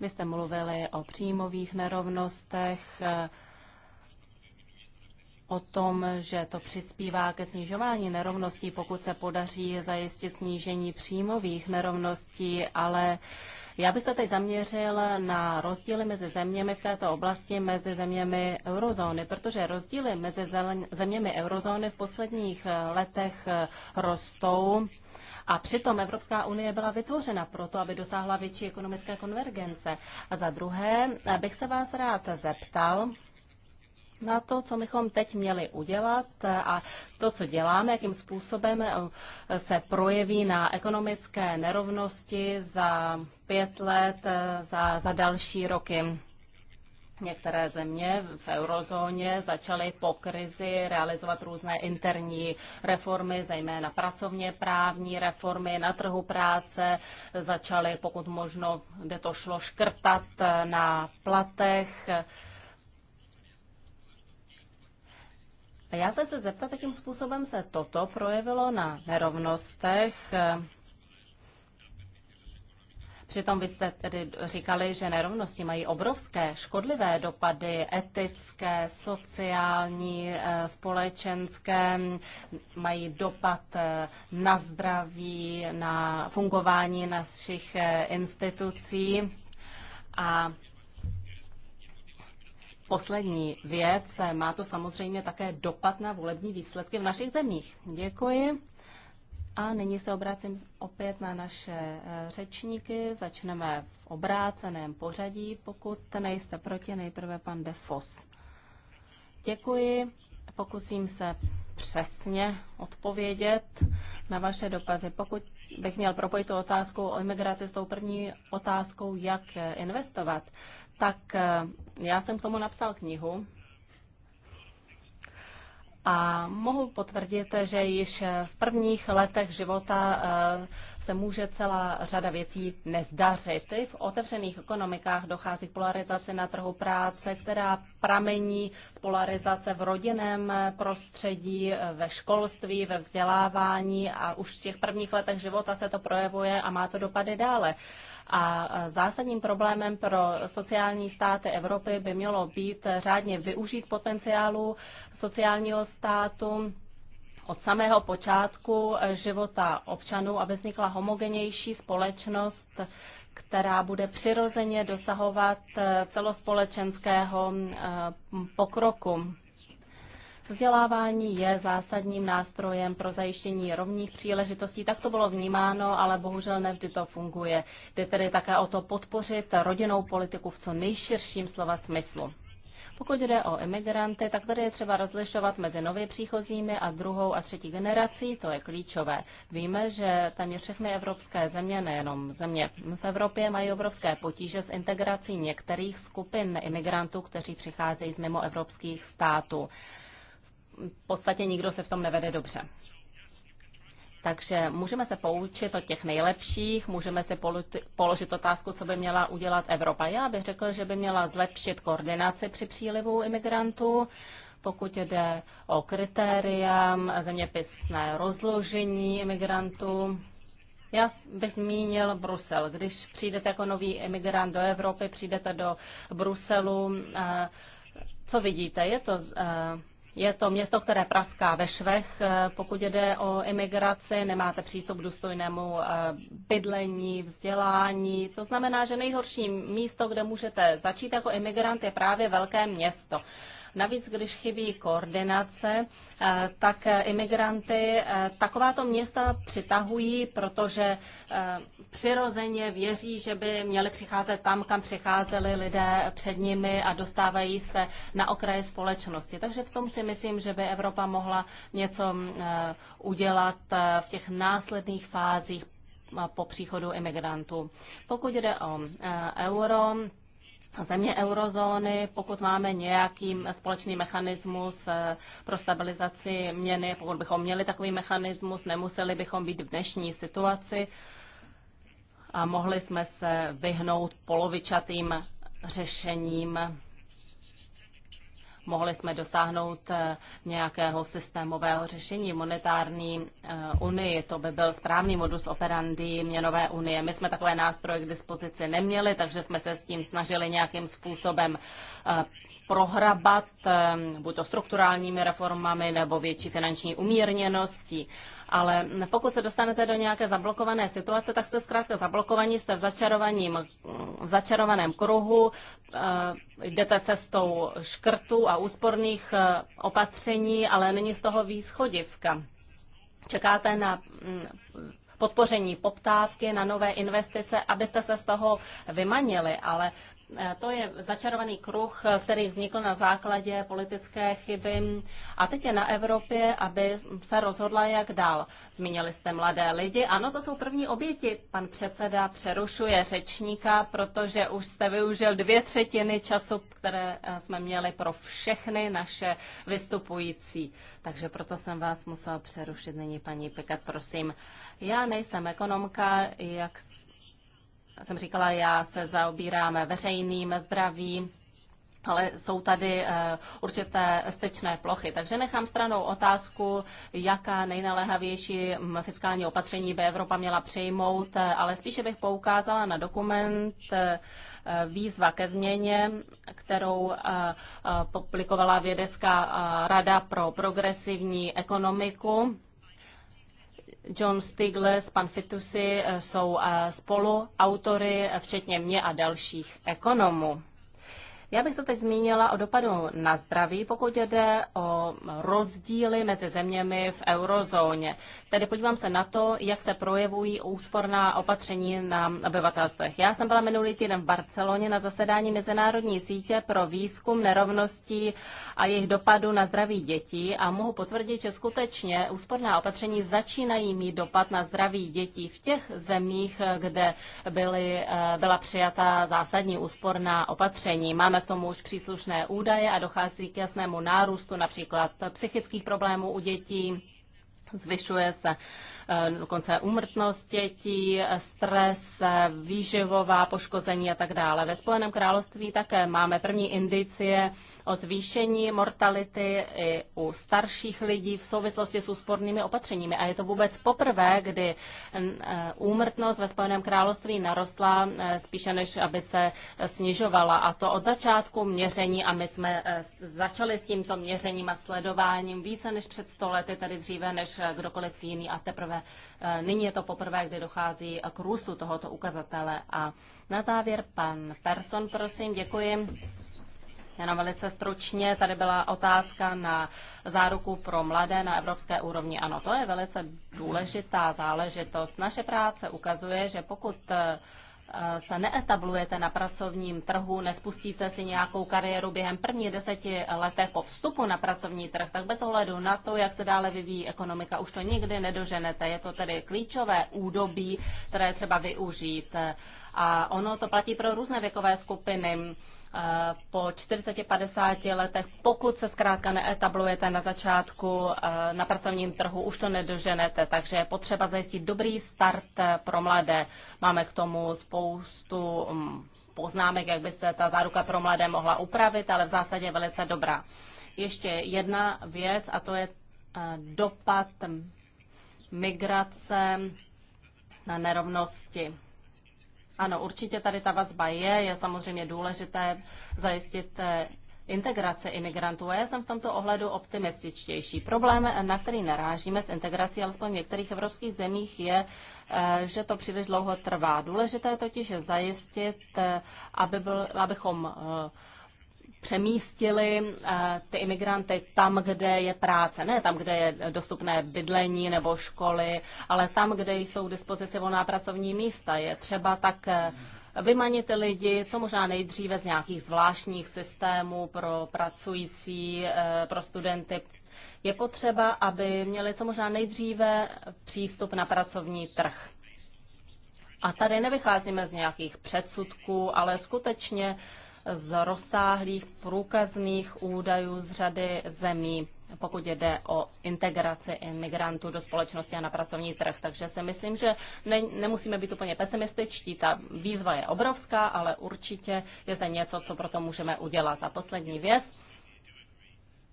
Vy jste mluvili o příjmových nerovnostech, o tom, že to přispívá ke snižování nerovností, pokud se podaří zajistit snížení příjmových nerovností, ale já bych se teď zaměřil na rozdíly mezi zeměmi v této oblasti, mezi zeměmi eurozóny, protože rozdíly mezi zeměmi eurozóny v posledních eh, letech eh, rostou. A přitom Evropská unie byla vytvořena proto, aby dosáhla větší ekonomické konvergence. A za druhé eh, bych se vás rád zeptal, na to, co bychom teď měli udělat eh, a to, co děláme, jakým způsobem eh, se projeví na ekonomické nerovnosti za pět let, eh, za, za další roky. Některé země v eurozóně začaly po krizi realizovat různé interní reformy, zejména pracovně právní reformy na trhu práce. Začaly, pokud možno, kde to šlo, škrtat na platech. A já se chci zeptat, jakým způsobem se toto projevilo na nerovnostech. Přitom vy jste tedy říkali, že nerovnosti mají obrovské škodlivé dopady etické, sociální, eh, společenské, mají dopad eh, na zdraví, na fungování našich eh, institucí. A poslední věc. Má to samozřejmě také dopad na volební výsledky v našich zemích. Děkuji. A nyní se obracím opět na naše eh, řečníky. Začneme v obráceném pořadí. Pokud nejste proti, nejprve pan Defos. Děkuji. Pokusím se přesně odpovědět na vaše dopazy. Pokud bych měl propojit tu otázku o imigraci s tou první otázkou, jak investovat, tak eh, já jsem k tomu napsal knihu a mohu potvrdit, že již v prvních letech života eh, se může celá řada věcí nezdařit. V otevřených ekonomikách dochází k polarizaci na trhu práce, která pramení z polarizace v rodinném prostředí, ve školství, ve vzdělávání a už v těch prvních letech života se to projevuje a má to dopady dále. A zásadním problémem pro sociální státy Evropy by mělo být řádně využít potenciálu sociálního státu od samého počátku eh, života občanů, aby vznikla homogenější společnost, která bude přirozeně dosahovat eh, celospolečenského eh, pokroku. Vzdělávání je zásadním nástrojem pro zajištění rovných příležitostí. Tak to bylo vnímáno, ale bohužel nevždy to funguje. Jde tedy také o to podpořit rodinnou politiku v co nejširším slova smyslu. Pokud jde o imigranty, tak tady je třeba rozlišovat mezi nově příchozími a druhou a třetí generací, to je klíčové. Víme, že téměř všechny evropské země, nejenom země v Evropě, mají obrovské potíže s integrací některých skupin imigrantů, kteří přicházejí z mimo evropských států. V podstatě nikdo se v tom nevede dobře. Takže můžeme se poučit od těch nejlepších, můžeme si položit otázku, co by měla udělat Evropa. Já bych řekl, že by měla zlepšit koordinaci při přílivu imigrantů, pokud jde o kritéria, zeměpisné rozložení imigrantů. Já bych zmínil Brusel. Když přijdete jako nový imigrant do Evropy, přijdete do Bruselu, eh, co vidíte? Je to eh, je to město, které praská ve švech. Eh, pokud jde o imigraci, nemáte přístup k důstojnému eh, bydlení, vzdělání. To znamená, že nejhorší místo, kde můžete začít jako imigrant, je právě velké město. Navíc, když chybí koordinace, eh, tak imigranty eh, takováto města přitahují, protože eh, přirozeně věří, že by měli přicházet tam, kam přicházeli lidé před nimi a dostávají se na okraje společnosti. Takže v tom si myslím, že by Evropa mohla něco mm, udělat v těch následných fázích po příchodu imigrantů. Pokud jde o euro, země eurozóny, pokud máme nějaký společný mechanismus eh, pro stabilizaci měny, pokud bychom měli takový mechanismus, nemuseli bychom být v dnešní situaci a mohli jsme se vyhnout polovičatým řešením mohli jsme dosáhnout eh, nějakého systémového řešení. Monetární eh, unii, to by byl správný modus operandi měnové unie. My jsme takové nástroje k dispozici neměli, takže jsme se s tím snažili nějakým způsobem eh, prohrabat, buď to strukturálními reformami nebo větší finanční umírněností ale pokud se dostanete do nějaké zablokované situace, tak jste zkrátka zablokovaní, jste v, začarovaním, v mm, začarovaném kruhu, eh, jdete cestou škrtů a úsporných eh, opatření, ale není z toho výschodiska. Čekáte na mm, podpoření poptávky, na nové investice, abyste se z toho vymanili, ale Eh, to je začarovaný kruh, eh, který vznikl na základě politické chyby a teď je na Evropě, aby se rozhodla, jak dál. Zmínili jste mladé lidi. Ano, to jsou první oběti. Pan předseda přerušuje řečníka, protože už jste využil dvě třetiny času, které eh, jsme měli pro všechny naše vystupující. Takže proto jsem vás musel přerušit. Nyní paní Pekat, prosím. Já nejsem ekonomka, jak jsem říkala, já se zaobírám veřejným zdravím, ale jsou tady eh, určité styčné plochy. Takže nechám stranou otázku, jaká nejnaléhavější hm, fiskální opatření by Evropa měla přijmout, eh, ale spíše bych poukázala na dokument eh, výzva ke změně, kterou publikovala Vědecká rada pro progresivní ekonomiku John Stigles, pan Fitusi eh, jsou eh, spoluautory, eh, včetně mě a dalších ekonomů. Já bych se teď zmínila o dopadu na zdraví, pokud jde o rozdíly mezi zeměmi v eurozóně. Tedy podívám se na to, jak se projevují úsporná opatření na obyvatelstvech. Já jsem byla minulý týden v Barceloně na zasedání Mezinárodní sítě pro výzkum nerovností a jejich dopadu na zdraví dětí a mohu potvrdit, že skutečně úsporná opatření začínají mít dopad na zdraví dětí v těch zemích, kde byly, eh, byla přijata zásadní úsporná opatření. Máme máme k tomu už příslušné údaje a dochází k jasnému nárůstu například psychických problémů u dětí, zvyšuje se eh, dokonce úmrtnost dětí, stres, výživová poškození a tak dále. Ve Spojeném království také máme první indicie o zvýšení mortality i u starších lidí v souvislosti s úspornými opatřeními. A je to vůbec poprvé, kdy e, úmrtnost ve Spojeném království narostla e, spíše než aby se snižovala. A to od začátku měření a my jsme e, začali s tímto měřením a sledováním více než před stolety, tedy dříve než kdokoliv jiný a teprve nyní je to poprvé, kdy dochází k růstu tohoto ukazatele. A na závěr pan Person, prosím, děkuji. Jenom velice stručně, tady byla otázka na záruku pro mladé na evropské úrovni. Ano, to je velice důležitá záležitost. Naše práce ukazuje, že pokud eh, se neetablujete na pracovním trhu, nespustíte si nějakou kariéru během prvních deseti letech po vstupu na pracovní trh, tak bez ohledu na to, jak se dále vyvíjí ekonomika, už to nikdy nedoženete. Je to tedy klíčové údobí, které třeba využít. A ono to platí pro různé věkové skupiny. Eh, po 40-50 letech, pokud se zkrátka neetablujete na začátku eh, na pracovním trhu, už to nedoženete, takže je potřeba zajistit dobrý start eh, pro mladé. Máme k tomu spoustu mm, poznámek, jak by se ta záruka pro mladé mohla upravit, ale v zásadě je velice dobrá. Ještě jedna věc a to je dopad migrace na nerovnosti. Ano, určitě tady ta vazba je, je samozřejmě důležité zajistit eh, integrace imigrantů. A já jsem v tomto ohledu optimističtější. Problém, eh, na který narážíme s integrací, alespoň v některých evropských zemích, je, eh, že to příliš dlouho trvá. Důležité totiž je zajistit, aby byl, abychom přemístili eh, ty imigranty tam, kde je práce. Ne tam, kde je dostupné bydlení nebo školy, ale tam, kde jsou dispozice volná pracovní místa. Je třeba tak eh, vymanit lidi, co možná nejdříve z nějakých zvláštních systémů pro pracující, eh, pro studenty. Je potřeba, aby měli co možná nejdříve přístup na pracovní trh. A tady nevycházíme z nějakých předsudků, ale skutečně z rozsáhlých průkazných údajů z řady zemí, pokud jde o integraci imigrantů do společnosti a na pracovní trh. Takže si myslím, že ne, nemusíme být úplně pesimističtí. Ta výzva je obrovská, ale určitě je zde něco, co proto můžeme udělat. A poslední věc.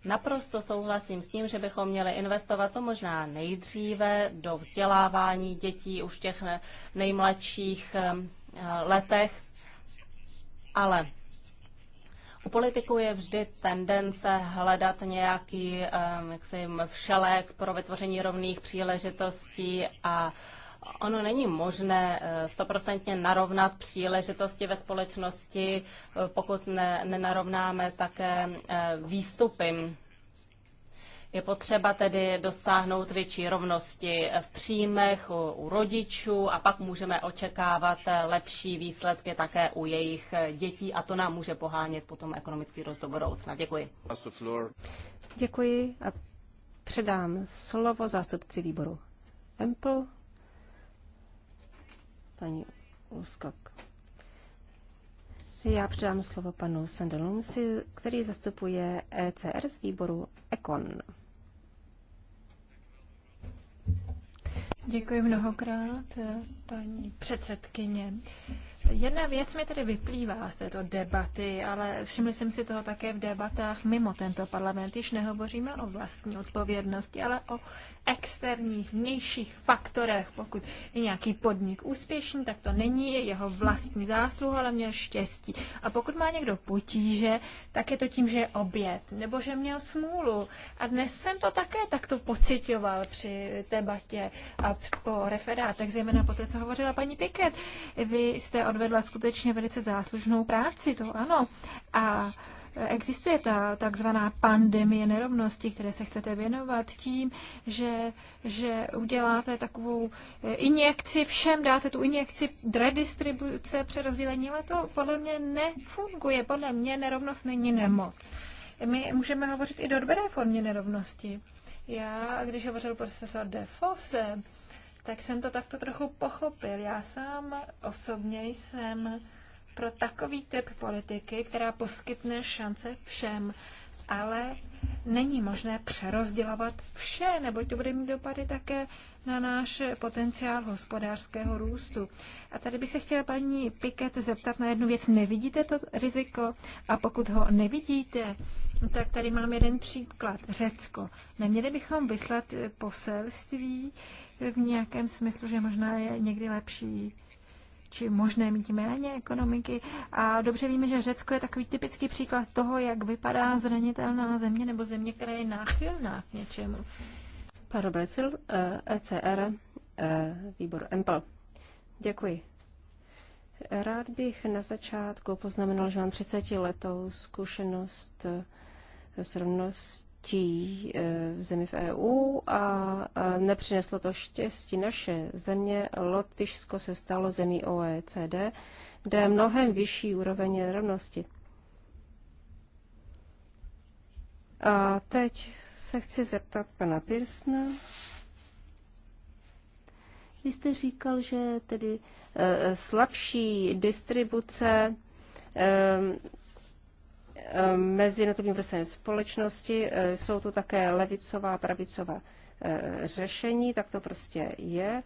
Naprosto souhlasím s tím, že bychom měli investovat co možná nejdříve do vzdělávání dětí už v těch nejmladších eh, letech, ale u politiků je vždy tendence hledat nějaký jaksi, všelek pro vytvoření rovných příležitostí a Ono není možné eh, stoprocentně narovnat příležitosti ve společnosti, eh, pokud ne, nenarovnáme také eh, výstupy je potřeba tedy dosáhnout větší rovnosti v příjmech u, u rodičů a pak můžeme očekávat lepší výsledky také u jejich dětí a to nám může pohánět potom ekonomický rost do budoucna. Děkuji. Děkuji a předám slovo zástupci výboru Empl, paní Uskok. Já předám slovo panu Sandelunsi, který zastupuje ECR z výboru Econ. Děkuji mnohokrát, eh, paní předsedkyně. Jedna věc mi tedy vyplývá z této debaty, ale všimli jsem si toho také v debatách mimo tento parlament. Již nehovoříme o vlastní odpovědnosti, ale o externích, vnějších faktorech. Pokud je nějaký podnik úspěšný, tak to není jeho vlastní zásluha, ale měl štěstí. A pokud má někdo potíže, tak je to tím, že je oběd, nebo že měl smůlu. A dnes jsem to také takto pocitoval při debatě a po referátech, zejména po té, co hovořila paní Piket. Vy jste odvedla skutečně velice záslužnou práci, to ano. A existuje ta takzvaná pandemie nerovnosti, které se chcete věnovat tím, že, že uděláte takovou eh, injekci všem, dáte tu injekci redistribuce, přerozdělení, ale to podle mě nefunguje. Podle mě nerovnost není nemoc. My můžeme hovořit i do dobré formě nerovnosti. Já, když hovořil profesor Defose, tak jsem to takto trochu pochopil. Já sám osobně jsem pro takový typ politiky, která poskytne šance všem, ale není možné přerozdělovat vše, neboť to bude mít dopady také na náš potenciál hospodářského růstu. A tady bych se chtěla paní Piket zeptat na jednu věc. Nevidíte to riziko? A pokud ho nevidíte, tak tady mám jeden příklad. Řecko. Neměli bychom vyslat poselství v nějakém smyslu, že možná je někdy lepší či možné mít méně ekonomiky. A dobře víme, že Řecko je takový typický příklad toho, jak vypadá zranitelná země nebo země, která je náchylná k něčemu. Pan Robrsil, ECR, eh, e eh, výbor EMPL. Děkuji. Rád bych na začátku poznamenal, že mám 30 letou zkušenost eh, s Eh, v zemi v EU a nepřineslo to štěstí naše země. Lotyšsko se stalo zemí OECD, kde je mnohem vyšší úroveň rovnosti. A teď se chci zeptat pana Pirsna. Vy jste říkal, že tedy eh, slabší distribuce eh, Eh, mezi jednotlivými vrstvem společnosti. Eh, jsou tu také levicová, pravicová eh, řešení, tak to prostě je.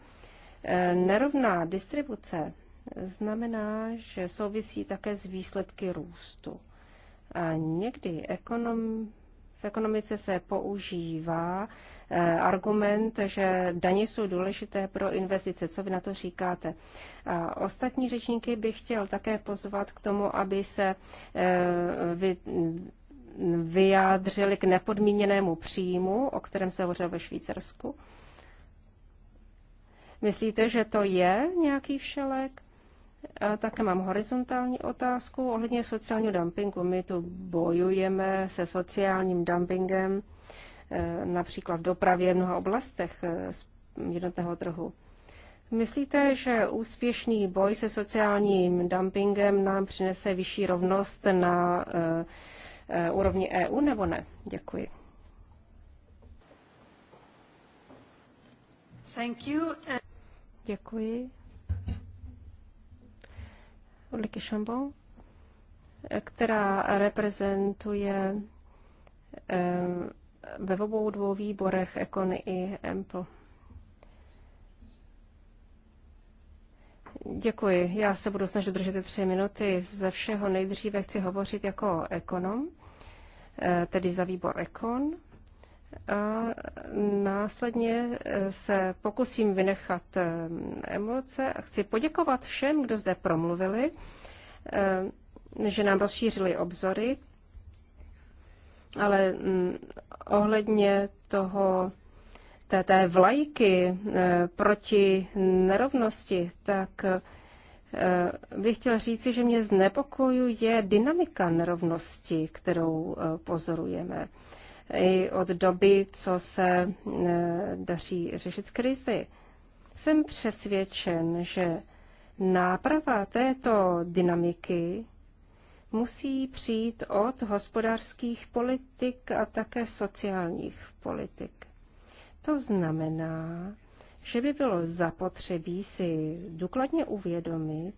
Nerovná distribuce znamená, že souvisí také s výsledky růstu. A někdy ekonom, v ekonomice se používá eh, argument, že daně jsou důležité pro investice. Co vy na to říkáte? A ostatní řečníky bych chtěl také pozvat k tomu, aby se eh, vy, vyjádřili k nepodmíněnému příjmu, o kterém se hovořil ve Švýcarsku. Myslíte, že to je nějaký všelek? A také mám horizontální otázku ohledně sociálního dumpingu. My tu bojujeme se sociálním dumpingem eh, například v dopravě v mnoha oblastech eh, jednotného trhu. Myslíte, že úspěšný boj se sociálním dumpingem nám přinese vyšší rovnost na eh, úrovni EU nebo ne? Děkuji. Thank you. Děkuji. Ulrike Šambou, která reprezentuje eh, ve obou dvou výborech Ekon i EMPL. Děkuji. Já se budu snažit držet ty tři minuty. Ze všeho nejdříve chci hovořit jako ekonom, eh, tedy za výbor Ekon a následně eh, se pokusím vynechat eh, emoce a chci poděkovat všem, kdo zde promluvili, eh, že nám rozšířili obzory, ale mm, ohledně toho té, té vlajky proti nerovnosti, tak bych chtěl říci, že mě znepokojuje dynamika nerovnosti, kterou pozorujeme i od doby, co se e, daří řešit krizi. Jsem přesvědčen, že náprava této dynamiky musí přijít od hospodářských politik a také sociálních politik. To znamená, že by bylo zapotřebí si důkladně uvědomit,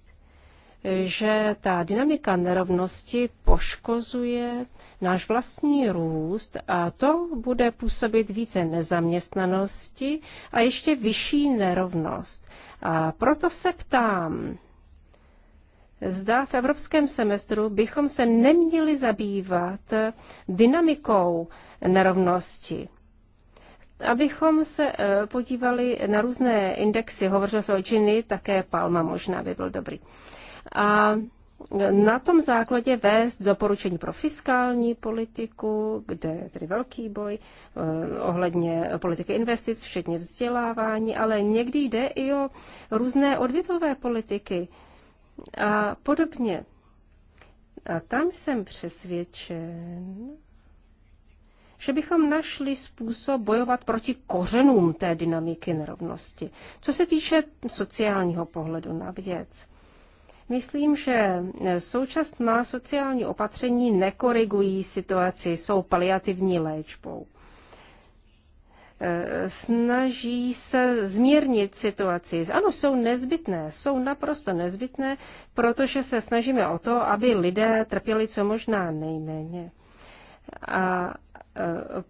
že ta dynamika nerovnosti poškozuje náš vlastní růst a to bude působit více nezaměstnanosti a ještě vyšší nerovnost. A proto se ptám, zda v evropském semestru bychom se neměli zabývat dynamikou nerovnosti. Abychom se eh, podívali na různé indexy, hovořil se o Gini, také Palma možná by byl dobrý a na tom základě vést doporučení pro fiskální politiku, kde je tedy velký boj eh, ohledně politiky investic, včetně vzdělávání, ale někdy jde i o různé odvětové politiky a podobně. A tam jsem přesvědčen, že bychom našli způsob bojovat proti kořenům té dynamiky nerovnosti. Co se týče sociálního pohledu na věc, Myslím, že eh, současná sociální opatření nekorigují situaci, jsou paliativní léčbou. Eh, snaží se zmírnit situaci. Ano, jsou nezbytné, jsou naprosto nezbytné, protože se snažíme o to, aby lidé trpěli co možná nejméně. A eh,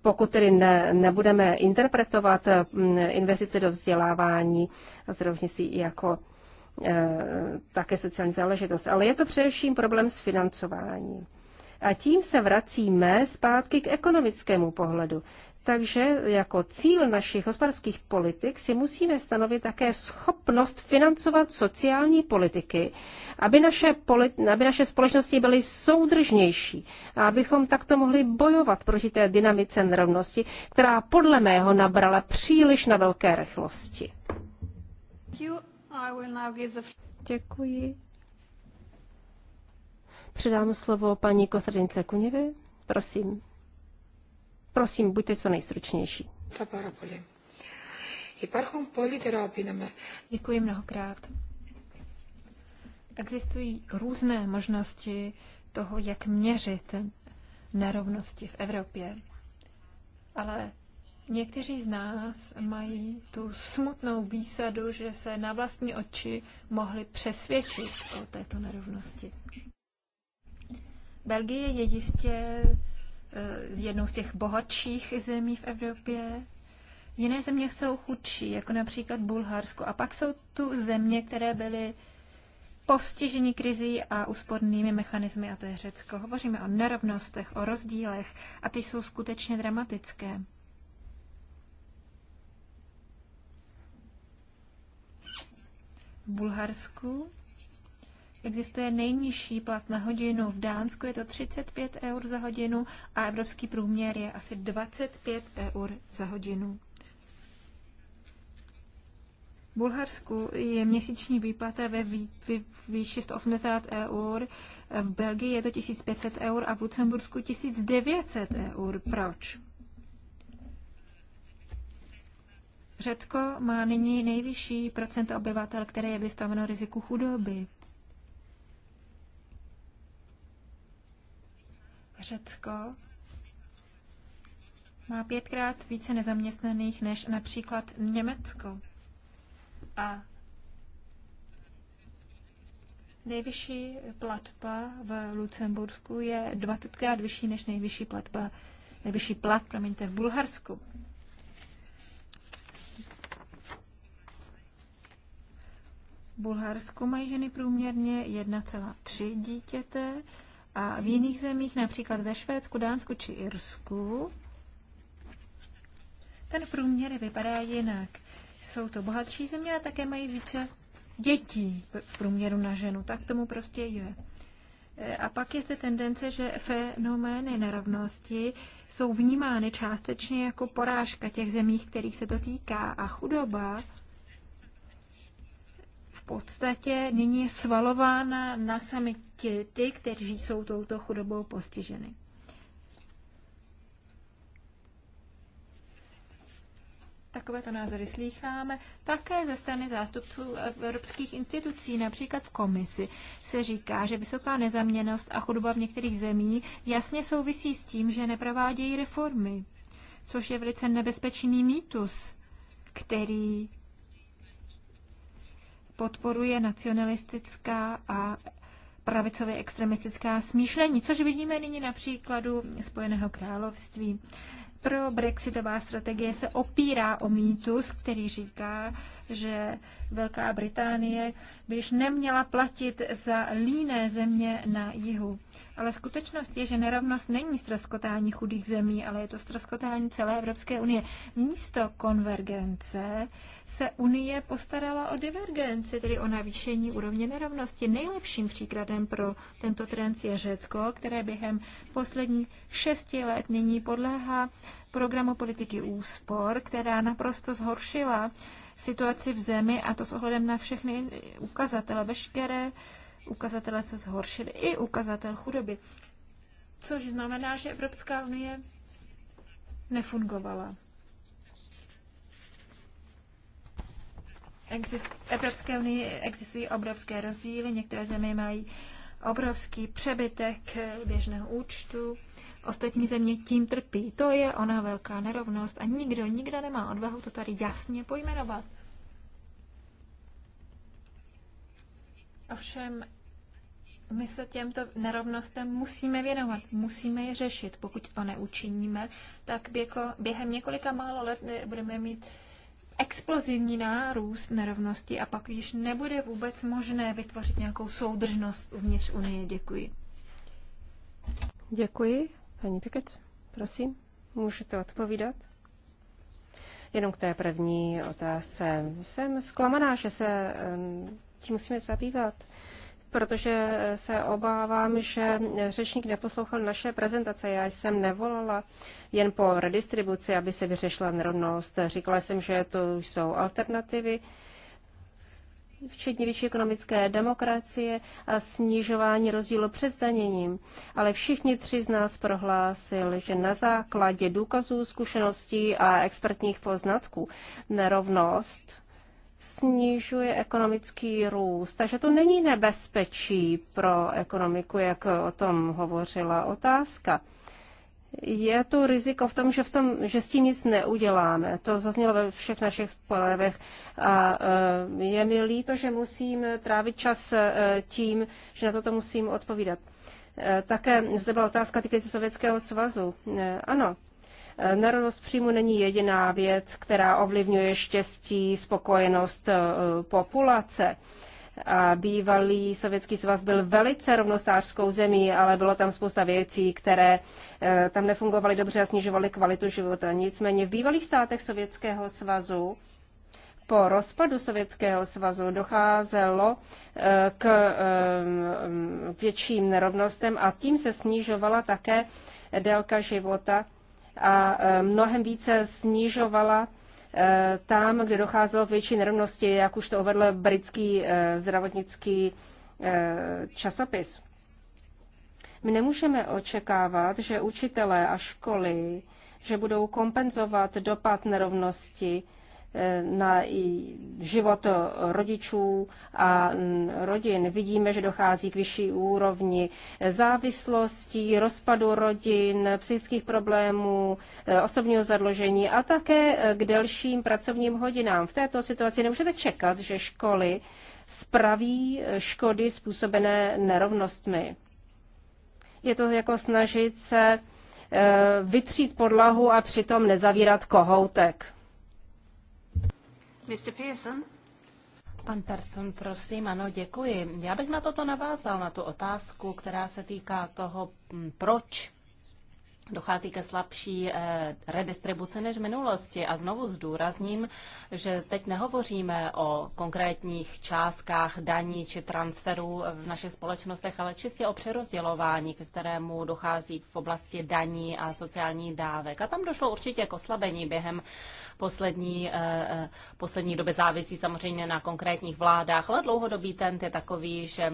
pokud tedy ne, nebudeme interpretovat investice do vzdělávání a zdravotnictví jako Eh, také sociální záležitost. Ale je to především problém s financováním. A tím se vracíme zpátky k ekonomickému pohledu. Takže jako cíl našich hospodářských politik si musíme stanovit také schopnost financovat sociální politiky, aby naše, politi- aby naše společnosti byly soudržnější a abychom takto mohli bojovat proti té dynamice nerovnosti, která podle mého nabrala příliš na velké rychlosti. Děkuji. Předám slovo paní Kostradince Kuněvi. Prosím. Prosím, buďte co nejstručnější. Děkuji mnohokrát. Existují různé možnosti toho, jak měřit nerovnosti v Evropě. Ale Někteří z nás mají tu smutnou výsadu, že se na vlastní oči mohli přesvědčit o této nerovnosti. Belgie je jistě eh, jednou z těch bohatších zemí v Evropě. Jiné země jsou chudší, jako například Bulharsko. A pak jsou tu země, které byly postižení krizí a úspornými mechanismy, a to je Řecko. Hovoříme o nerovnostech, o rozdílech a ty jsou skutečně dramatické. v Bulharsku existuje nejnižší plat na hodinu, v Dánsku je to 35 eur za hodinu a evropský průměr je asi 25 eur za hodinu. V Bulharsku je měsíční výplata ve výši 180 eur, v Belgii je to 1500 eur a v Lucembursku 1900 eur. Proč? Řecko má nyní nejvyšší procento obyvatel, které je vystaveno riziku chudoby. Řecko má pětkrát více nezaměstnaných než například Německo. A nejvyšší platba v Lucembursku je 20krát vyšší než nejvyšší platba, nejvyšší plat, promiňte, v Bulharsku. Bulharsku mají ženy průměrně 1,3 dítěte a v jiných zemích, například ve Švédsku, Dánsku či Irsku, ten průměr vypadá jinak. Jsou to bohatší země a také mají více dětí v průměru na ženu. Tak tomu prostě je. E, a pak je zde tendence, že fenomény nerovnosti jsou vnímány částečně jako porážka těch zemí, kterých se to týká. A chudoba podstatě nyní svalována na sami ty, ty, kteří jsou touto chudobou postiženy. Takovéto názory slýcháme také ze strany zástupců evropských institucí, například v komisi. Se říká, že vysoká nezaměnost a chudoba v některých zemí jasně souvisí s tím, že neprovádějí reformy, což je velice nebezpečný mýtus, který podporuje nacionalistická a pravicově extremistická smýšlení, což vidíme nyní na příkladu Spojeného království. Pro brexitová strategie se opírá o mýtus, který říká, že Velká Británie by již neměla platit za líné země na jihu. Ale skutečnost je, že nerovnost není stroskotání chudých zemí, ale je to stroskotání celé Evropské unie. Místo konvergence se Unie postarala o divergenci, tedy o navýšení úrovně nerovnosti. Nejlepším příkladem pro tento trend je Řecko, které během posledních šesti let nyní podléhá programu politiky úspor, která naprosto zhoršila situaci v zemi a to s ohledem na všechny ukazatele, veškeré ukazatele se zhoršily, i ukazatel chudoby. Což znamená, že Evropská unie nefungovala. Exist, Evropské unii existují obrovské rozdíly, některé země mají obrovský přebytek běžného účtu, ostatní země tím trpí. To je ona velká nerovnost a nikdo, nikdo nemá odvahu to tady jasně pojmenovat. Ovšem, my se těmto nerovnostem musíme věnovat, musíme je řešit. Pokud to neučiníme, tak běko, během několika málo let budeme mít explozivní nárůst nerovnosti a pak již nebude vůbec možné vytvořit nějakou soudržnost uvnitř Unie. Děkuji. Děkuji. Paní Pikec, prosím, můžete odpovídat? Jenom k té první otázce. Jsem zklamaná, že se tím musíme zabývat, protože se obávám, že řečník neposlouchal naše prezentace. Já jsem nevolala jen po redistribuci, aby se vyřešila nerovnost. Říkala jsem, že to jsou alternativy, včetně větší ekonomické demokracie a snižování rozdílu před zdaněním. Ale všichni tři z nás prohlásili, že na základě důkazů, zkušeností a expertních poznatků nerovnost snižuje ekonomický růst. Takže to není nebezpečí pro ekonomiku, jak o tom hovořila otázka je tu riziko v tom, že, v tom, že s tím nic neuděláme. To zaznělo ve všech našich polevech. A e, je mi líto, že musím trávit čas e, tím, že na toto musím odpovídat. E, také zde byla otázka týkající Sovětského svazu. Ano, Nerovnost příjmu není jediná věc, která ovlivňuje štěstí, spokojenost populace. A bývalý Sovětský svaz byl velice rovnostářskou zemí, ale bylo tam spousta věcí, které eh, tam nefungovaly dobře a snižovaly kvalitu života. Nicméně v bývalých státech Sovětského svazu po rozpadu Sovětského svazu docházelo eh, k eh, větším nerovnostem a tím se snižovala také délka života a mnohem více snižovala Eh, tam, kde docházelo k větší nerovnosti, jak už to uvedl britský eh, zdravotnický eh, časopis. My nemůžeme očekávat, že učitelé a školy že budou kompenzovat dopad nerovnosti Eh, na život rodičů a rodin. Vidíme, že dochází k vyšší úrovni závislostí, rozpadu rodin, psychických problémů, eh, osobního zadlužení a také eh, k delším pracovním hodinám. V této situaci nemůžete čekat, že školy spraví škody způsobené nerovnostmi. Je to jako snažit se vytřít podlahu a přitom nezavírat kohoutek. Mr. Pearson? Pan Persson, prosím, ano, děkuji. Já bych na toto navázal, na tu otázku, která se týká toho, hm, proč dochází ke slabší eh, redistribuci než v minulosti. A znovu zdůrazním, že teď nehovoříme o konkrétních částkách daní či transferů v našich společnostech, ale čistě o přerozdělování, ke kterému dochází v oblasti daní a sociální dávek. A tam došlo určitě k oslabení během poslední, eh, eh, poslední doby. Závisí samozřejmě na konkrétních vládách, ale dlouhodobý trend je takový, že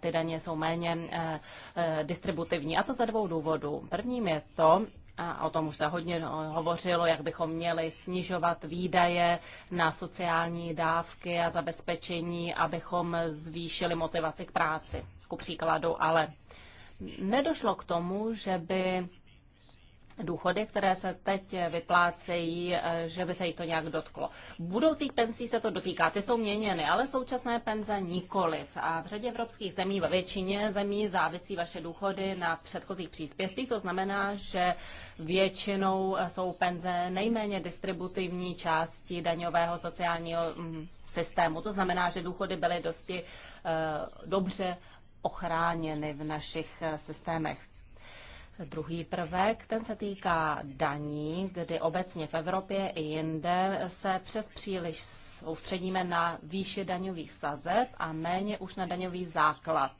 ty daně jsou méně distributivní. A to za dvou důvodů. Prvním je to, a o tom už se hodně no, hovořilo, jak bychom měli snižovat výdaje na sociální dávky a zabezpečení, abychom zvýšili motivaci k práci, ku příkladu, ale nedošlo k tomu, že by důchody, které se teď vyplácejí, eh, že by se jich to nějak dotklo. Budoucích penzí se to dotýká, ty jsou měněny, ale současné penze nikoliv. A v řadě evropských zemí, ve většině zemí závisí vaše důchody na předchozích příspěvcích, to znamená, že většinou eh, jsou penze nejméně distributivní části daňového sociálního mm, systému. To znamená, že důchody byly dosti eh, dobře ochráněny v našich systémech. Druhý prvek, ten se týká daní, kdy obecně v Evropě i jinde se přes příliš soustředíme na výši daňových sazeb a méně už na daňový základ.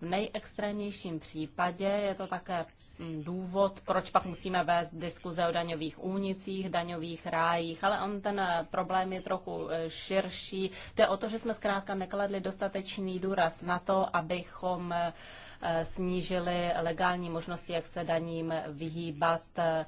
V nejextrémnějším případě je to také mm, důvod, proč pak musíme vést diskuze o daňových únicích, daňových rájích, ale on ten eh, problém je trochu eh, širší. Jde o to, že jsme zkrátka nekladli dostatečný důraz na to, abychom eh, snížili legální možnosti, jak se daním vyhýbat eh,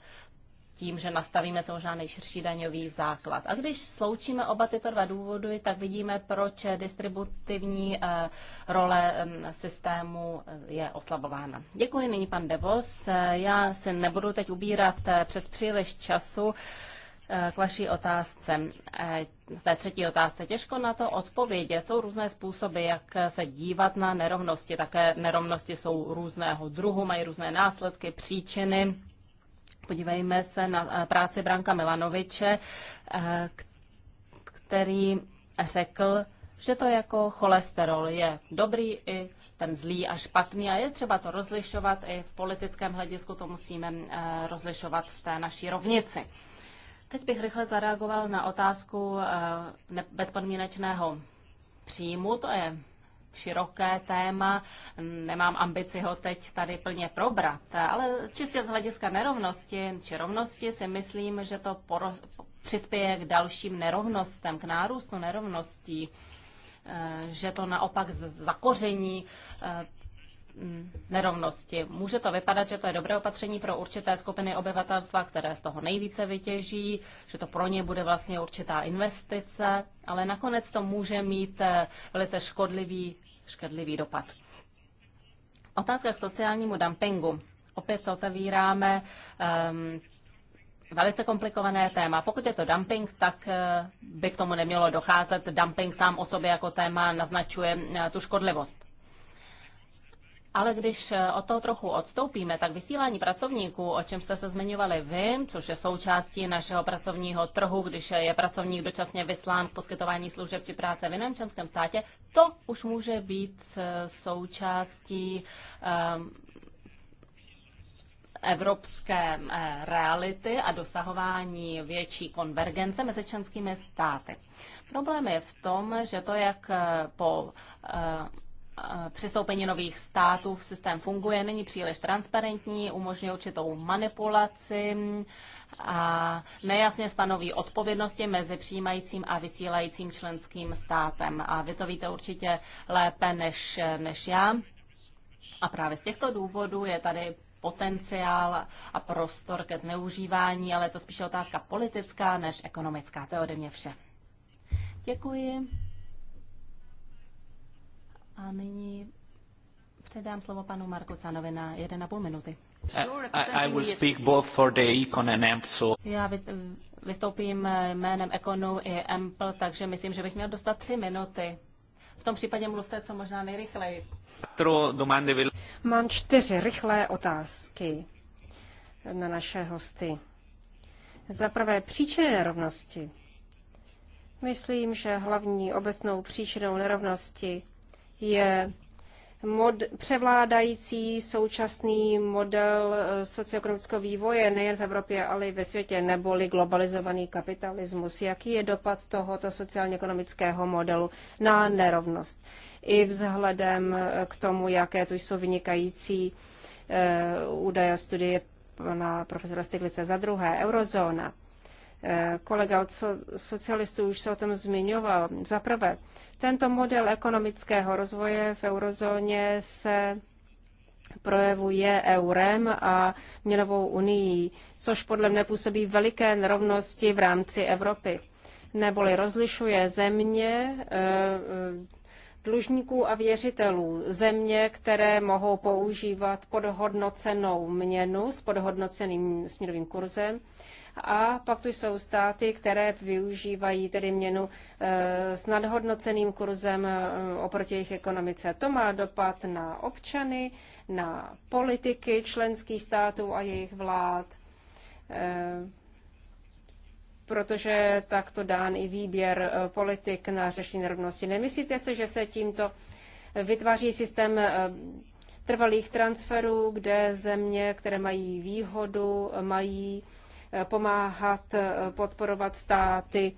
tím, že nastavíme co možná nejširší daňový základ. A když sloučíme oba tyto dva důvody, tak vidíme, proč distributivní eh, role systému eh, je oslabována. Děkuji nyní pan Devos. Já se nebudu teď ubírat přes příliš času. Eh, k vaší otázce, eh, té třetí otázce. Těžko na to odpovědět. Jsou různé způsoby, jak se dívat na nerovnosti. Také nerovnosti jsou různého druhu, mají různé následky, příčiny. Podívejme se na eh, práci Branka Milanoviče, který řekl, že to jako cholesterol je dobrý i ten zlý a špatný a je třeba to rozlišovat i v politickém hledisku, to musíme rozlišovat v té naší rovnici. Teď bych rychle zareagoval na otázku eh, bezpodmínečného příjmu. To je široké téma, nemám ambici ho teď tady plně probrat, ale čistě z hlediska nerovnosti či rovnosti si myslím, že to poroz, přispěje k dalším nerovnostem, k nárůstu nerovností, eh, že to naopak zakoření eh, Mm, nerovnosti. Může to vypadat, že to je dobré opatření pro určité skupiny obyvatelstva, které z toho nejvíce vytěží, že to pro ně bude vlastně určitá investice, ale nakonec to může mít eh, velice škodlivý, škodlivý dopad. Otázka k sociálnímu dumpingu. Opět otevíráme um, velice komplikované téma. Pokud je to dumping, tak eh, by k tomu nemělo docházet. Dumping sám o sobě jako téma naznačuje eh, tu škodlivost ale když eh, od toho trochu odstoupíme, tak vysílání pracovníků, o čem jste se zmiňovali vy, což je součástí našeho pracovního trhu, když je pracovník dočasně vyslán k poskytování služeb či práce v jiném členském státě, to už může být eh, součástí um, evropské eh, reality a dosahování větší konvergence mezi členskými státy. Problém je v tom, že to, jak po uh, Eh, přistoupení nových států v systém funguje, není příliš transparentní, umožňuje určitou manipulaci a nejasně stanoví odpovědnosti mezi přijímajícím a vysílajícím členským státem. A vy to víte určitě lépe než, než já. A právě z těchto důvodů je tady potenciál a prostor ke zneužívání, ale je to spíše otázka politická než ekonomická. To je ode mě vše. Děkuji. A nyní předám slovo panu Marku Canovi na 1,5 minuty. Uh, I, I will speak both for the Econ and Já vystoupím eh, jménem Econu i Ample, takže myslím, že bych měl dostat tři minuty. V tom případě mluvte co možná nejrychleji. Mám čtyři rychlé otázky na naše hosty. Za prvé příčiny nerovnosti. Myslím, že hlavní obecnou příčinou nerovnosti je mod, převládající současný model eh, socioekonomického vývoje nejen v Evropě, ale i ve světě, neboli globalizovaný kapitalismus. Jaký je dopad tohoto sociálně-ekonomického modelu na nerovnost? I vzhledem eh, k tomu, jaké tu jsou vynikající e, údaje studie pana profesora Stiglice. Za druhé, eurozóna kolega od socialistů už se o tom zmiňoval. Za prvé, tento model ekonomického rozvoje v eurozóně se projevuje eurem a měnovou unii, což podle mne působí veliké nerovnosti v rámci Evropy. Neboli rozlišuje země, eh, eh, dlužníků a věřitelů, země, které mohou používat podhodnocenou měnu s podhodnoceným směrovým kurzem, a pak tu jsou státy, které využívají tedy měnu eh, s nadhodnoceným kurzem eh, oproti jejich ekonomice. To má dopad na občany, na politiky členských států a jejich vlád eh, protože takto dán i výběr politik na řešení nerovnosti. Nemyslíte se, že se tímto vytváří systém trvalých transferů, kde země, které mají výhodu, mají pomáhat eh, podporovat státy,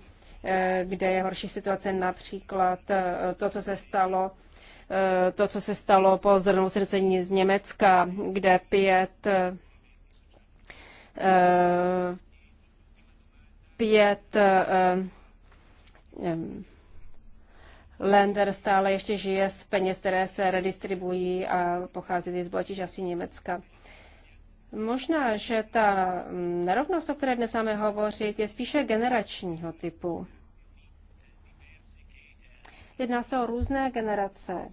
eh, kde je horší situace, například eh, to, co se stalo to, co se stalo po srdcení z Německa, kde pět pět Lender stále ještě žije z peněz, které se redistribují a pochází z bohatí asi Německa. Možná, že ta mm, nerovnost, o které dnes máme hovořit, je spíše generačního typu. Jedná se o různé generace,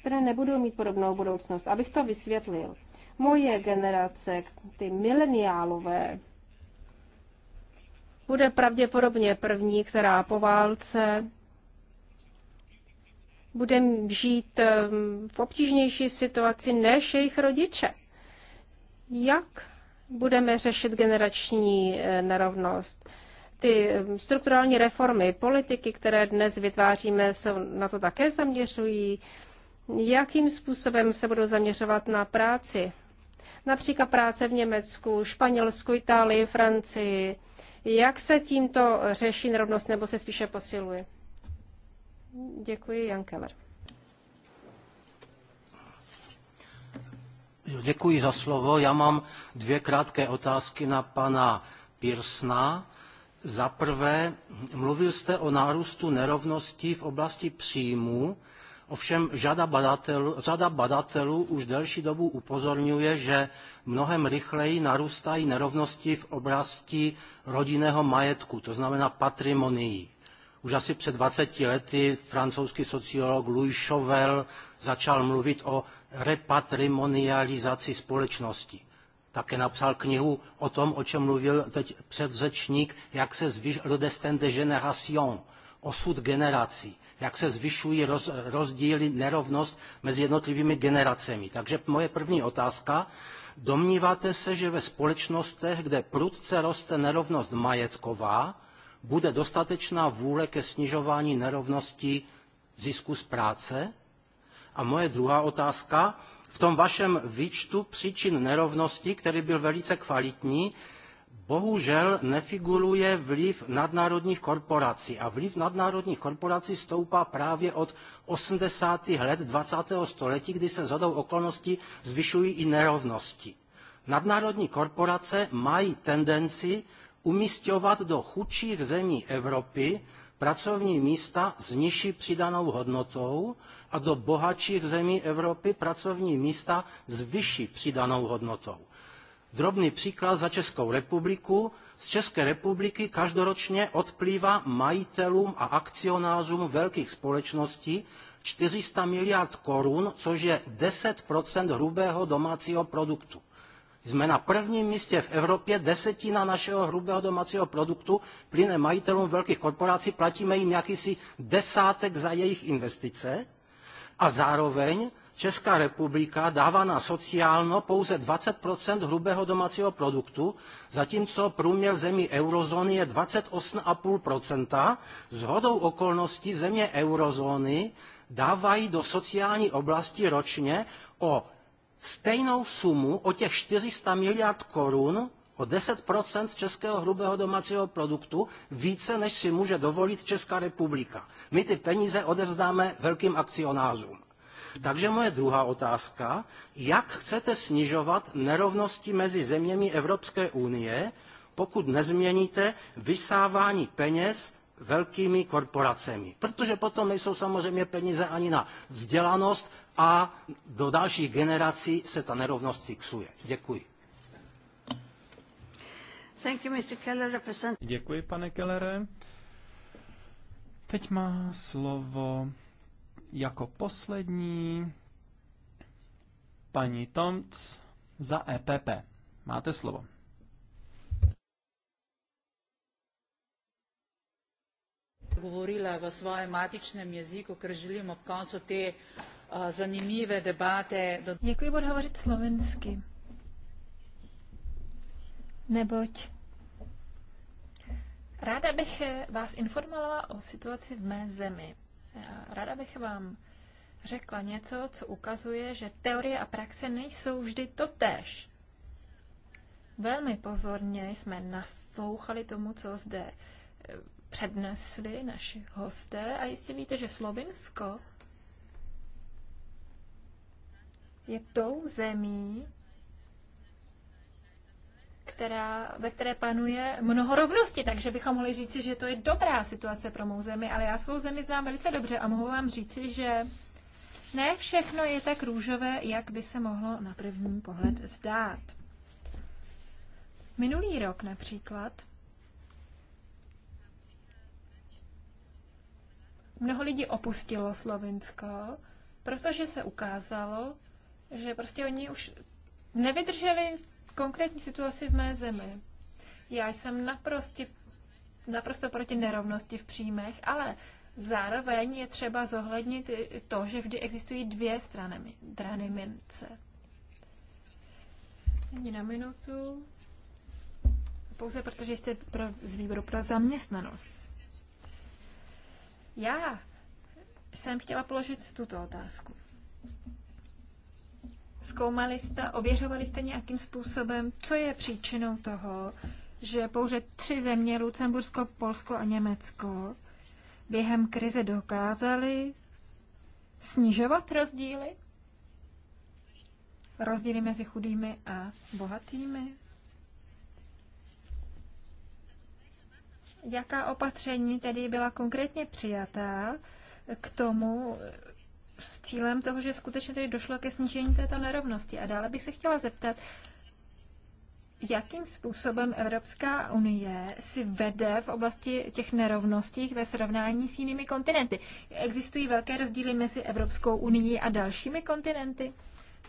které nebudou mít podobnou budoucnost. Abych to vysvětlil. Moje generace, ty mileniálové, bude pravděpodobně první, která po válce bude žít eh, v obtížnější situaci než jejich rodiče. Jak budeme řešit generační eh, nerovnost? Ty eh, strukturální reformy, politiky, které dnes vytváříme, se na to také zaměřují. Jakým způsobem se budou zaměřovat na práci? Například práce v Německu, Španělsku, Itálii, Francii. Jak se tímto řeší nerovnost nebo se spíše posiluje? Děkuji, Jan Keller. Děkuji za slovo. Já mám dvě krátké otázky na pana Pirsna. Za prvé, mluvil jste o nárůstu nerovností v oblasti příjmu, ovšem řada badatelů, řada badatelů už delší dobu upozorňuje, že mnohem rychleji narůstají nerovnosti v oblasti rodinného majetku, to znamená patrimonií. Už asi před 20 lety francouzský sociolog Louis Chauvel začal mluvit o repatrimonializaci společnosti. Také napsal knihu o tom, o čem mluvil teď předřečník, jak se zvyšuje le destin de génération, osud generací jak se zvyšují roz, rozdíly, nerovnost mezi jednotlivými generacemi. Takže moje první otázka. Domníváte se, že ve společnostech, kde prudce roste nerovnost majetková, bude dostatečná vůle ke snižování nerovnosti zisku z práce? A moje druhá otázka, v tom vašem výčtu příčin nerovnosti, který byl velice kvalitní, bohužel nefiguruje vliv nadnárodních korporací. A vliv nadnárodních korporací stoupá právě od 80. let 20. století, kdy se zhodou okolností zvyšují i nerovnosti. Nadnárodní korporace mají tendenci umístěvat do chudších zemí Evropy pracovní místa s nižší přidanou hodnotou a do bohatších zemí Evropy pracovní místa s vyšší přidanou hodnotou. Drobný příklad za Českou republiku. Z České republiky každoročně odplývá majitelům a akcionářům velkých společností 400 miliard korun, což je 10 hrubého domácího produktu. Jsme na prvním místě v Evropě, desetina našeho hrubého domácího produktu plyne majitelům velkých korporací, platíme jim jakýsi desátek za jejich investice a zároveň Česká republika dává na sociálno pouze 20 hrubého domácího produktu, zatímco průměr zemí eurozóny je 28,5 Zhodou okolností země eurozóny dávají do sociální oblasti ročně o stejnou sumu o těch 400 miliard korun, o 10 českého hrubého domácího produktu, více než si může dovolit Česká republika. My ty peníze odevzdáme velkým akcionářům. Takže moje druhá otázka, jak chcete snižovat nerovnosti mezi zeměmi Evropské unie, pokud nezměníte vysávání peněz velkými korporacemi. Protože potom nejsou samozřejmě peníze ani na vzdělanost, a do dalších generací se ta nerovnost fixuje. Děkuji. Thank you, Mr. Keller, represent... Děkuji, pane Kellere. Teď má slovo jako poslední paní Tomc za EPP. Máte slovo. Govorila v svojem matičnem jeziku, ker želim ob koncu te zanimivé debáty. Děkuji, budu hovořit slovensky. Neboť ráda bych vás informovala o situaci v mé zemi. Ráda bych vám řekla něco, co ukazuje, že teorie a praxe nejsou vždy totéž. Velmi pozorně jsme naslouchali tomu, co zde přednesli naši hosté a jistě víte, že Slovinsko je tou zemí, která, ve které panuje mnoho rovnosti, takže bychom mohli říci, že to je dobrá situace pro mou zemi, ale já svou zemi znám velice dobře a mohu vám říci, že ne všechno je tak růžové, jak by se mohlo na první pohled zdát. Minulý rok například mnoho lidí opustilo Slovinsko, protože se ukázalo, že prostě oni už nevydrželi konkrétní situaci v mé zemi. Já jsem naprosto, naprosto proti nerovnosti v příjmech, ale zároveň je třeba zohlednit to, že vždy existují dvě strany, strany mince. Ani na minutu. Pouze protože jste pro, z výboru pro zaměstnanost. Já jsem chtěla položit tuto otázku. Zkoumali jste, ověřovali jste nějakým způsobem, co je příčinou toho, že pouze tři země, Lucembursko, Polsko a Německo, během krize dokázaly snižovat rozdíly? Rozdíly mezi chudými a bohatými? Jaká opatření tedy byla konkrétně přijatá k tomu, s cílem toho, že skutečně tady došlo ke snížení této nerovnosti. A dále bych se chtěla zeptat, jakým způsobem Evropská unie si vede v oblasti těch nerovností ve srovnání s jinými kontinenty. Existují velké rozdíly mezi Evropskou unii a dalšími kontinenty?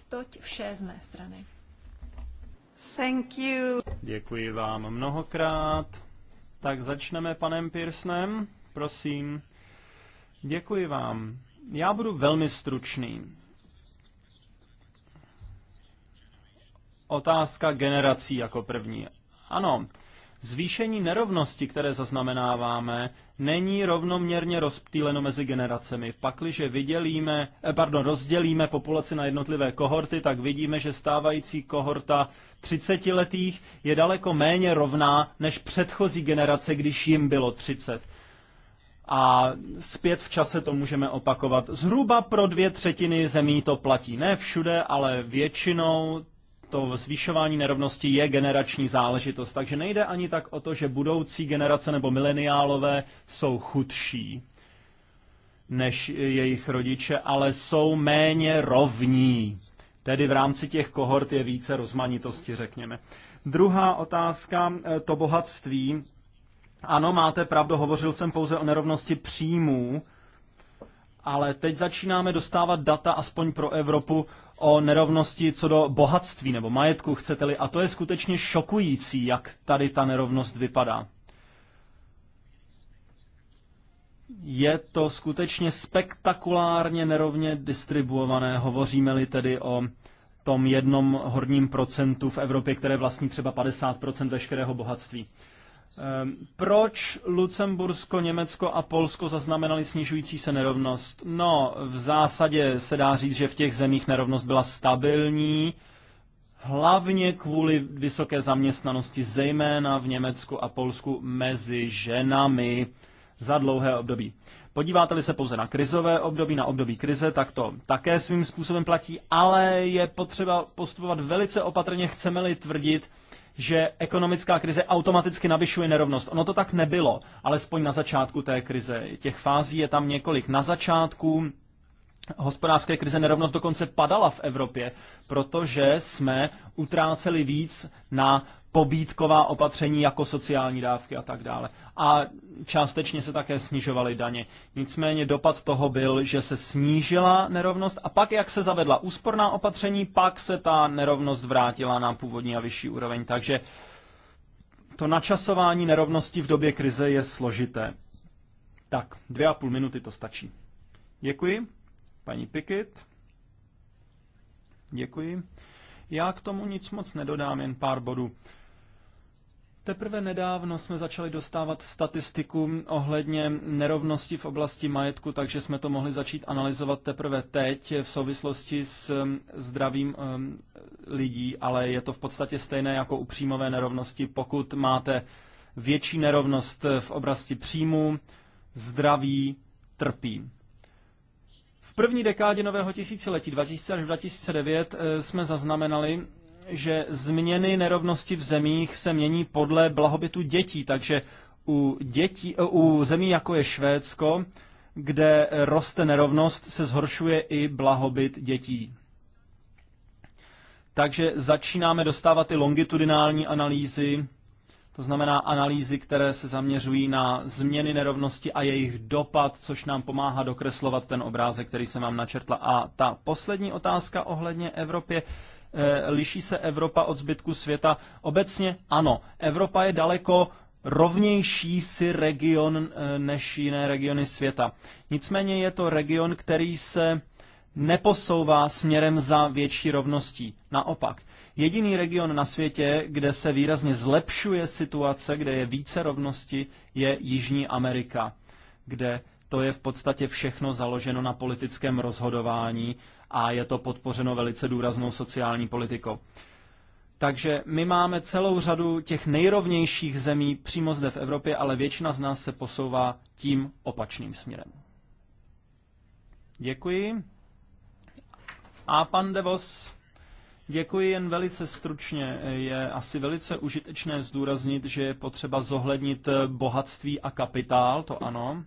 Toť vše z mé strany. Thank you. Děkuji vám mnohokrát. Tak začneme panem Pearsonem. Prosím. Děkuji vám. Já budu velmi stručný. Otázka generací jako první. Ano, zvýšení nerovnosti, které zaznamenáváme, není rovnoměrně rozptýleno mezi generacemi. Pakliže vidělíme, eh, pardon, rozdělíme populaci na jednotlivé kohorty, tak vidíme, že stávající kohorta 30-letých je daleko méně rovná než předchozí generace, když jim bylo 30 a zpět v čase to můžeme opakovat. Zhruba pro dvě třetiny zemí to platí. Ne všude, ale většinou to zvyšování nerovnosti je generační záležitost. Takže nejde ani tak o to, že budoucí generace nebo mileniálové jsou chudší než jejich rodiče, ale jsou méně rovní. Tedy v rámci těch kohort je více rozmanitosti, řekněme. Druhá otázka, eh, to bohatství ano, máte pravdu, hovořil jsem pouze o nerovnosti příjmů, ale teď začínáme dostávat data aspoň pro Evropu o nerovnosti co do bohatství nebo majetku, chcete-li. A to je skutečně šokující, jak tady ta nerovnost vypadá. Je to skutečně spektakulárně nerovně distribuované, hovoříme-li tedy o tom jednom horním procentu v Evropě, které vlastní třeba 50% veškerého bohatství. Ehm, proč Lucembursko, Německo a Polsko zaznamenali snižující se nerovnost? No, v zásadě se dá říct, že v těch zemích nerovnost byla stabilní, hlavně kvůli vysoké zaměstnanosti, zejména v Německu a Polsku mezi ženami za dlouhé období. Podíváte-li se pouze na krizové období, na období krize, tak to také svým způsobem platí, ale je potřeba postupovat velice opatrně, chceme-li tvrdit, že ekonomická krize automaticky navyšuje nerovnost. Ono to tak nebylo, alespoň na začátku té krize. Těch fází je tam několik. Na začátku hospodářské krize nerovnost dokonce padala v Evropě, protože jsme utráceli víc na pobídková opatření jako sociální dávky a tak dále. A částečně se také snižovaly daně. Nicméně dopad toho byl, že se snížila nerovnost a pak, jak se zavedla úsporná opatření, pak se ta nerovnost vrátila na původní a vyšší úroveň. Takže to načasování nerovnosti v době krize je složité. Tak, dvě a půl minuty to stačí. Děkuji. Paní Pikit. Děkuji. Já k tomu nic moc nedodám, jen pár bodů. Teprve nedávno jsme začali dostávat statistiku ohledně nerovnosti v oblasti majetku, takže jsme to mohli začít analyzovat teprve teď v souvislosti s um, zdravím um, lidí, ale je to v podstatě stejné jako u příjmové nerovnosti. Pokud máte větší nerovnost v oblasti příjmu, zdraví trpí. V první dekádě nového tisíciletí 2000 až 2009 eh, jsme zaznamenali že změny nerovnosti v zemích se mění podle blahobytu dětí, takže u, dětí, eh, u zemí jako je Švédsko, kde roste nerovnost, se zhoršuje i blahobyt dětí. Takže začínáme dostávat ty longitudinální analýzy, to znamená analýzy, které se zaměřují na změny nerovnosti a jejich dopad, což nám pomáhá dokreslovat ten obrázek, který jsem vám načrtla. A ta poslední otázka ohledně Evropě Eh, liší se Evropa od zbytku světa? Obecně ano. Evropa je daleko rovnější si region eh, než jiné regiony světa. Nicméně je to region, který se neposouvá směrem za větší rovností. Naopak, jediný region na světě, kde se výrazně zlepšuje situace, kde je více rovnosti, je Jižní Amerika, kde to je v podstatě všechno založeno na politickém rozhodování a je to podpořeno velice důraznou sociální politikou. Takže my máme celou řadu těch nejrovnějších zemí přímo zde v Evropě, ale většina z nás se posouvá tím opačným směrem. Děkuji. A pan Devos, děkuji jen velice stručně. Je asi velice užitečné zdůraznit, že je potřeba zohlednit bohatství a kapitál, to ano,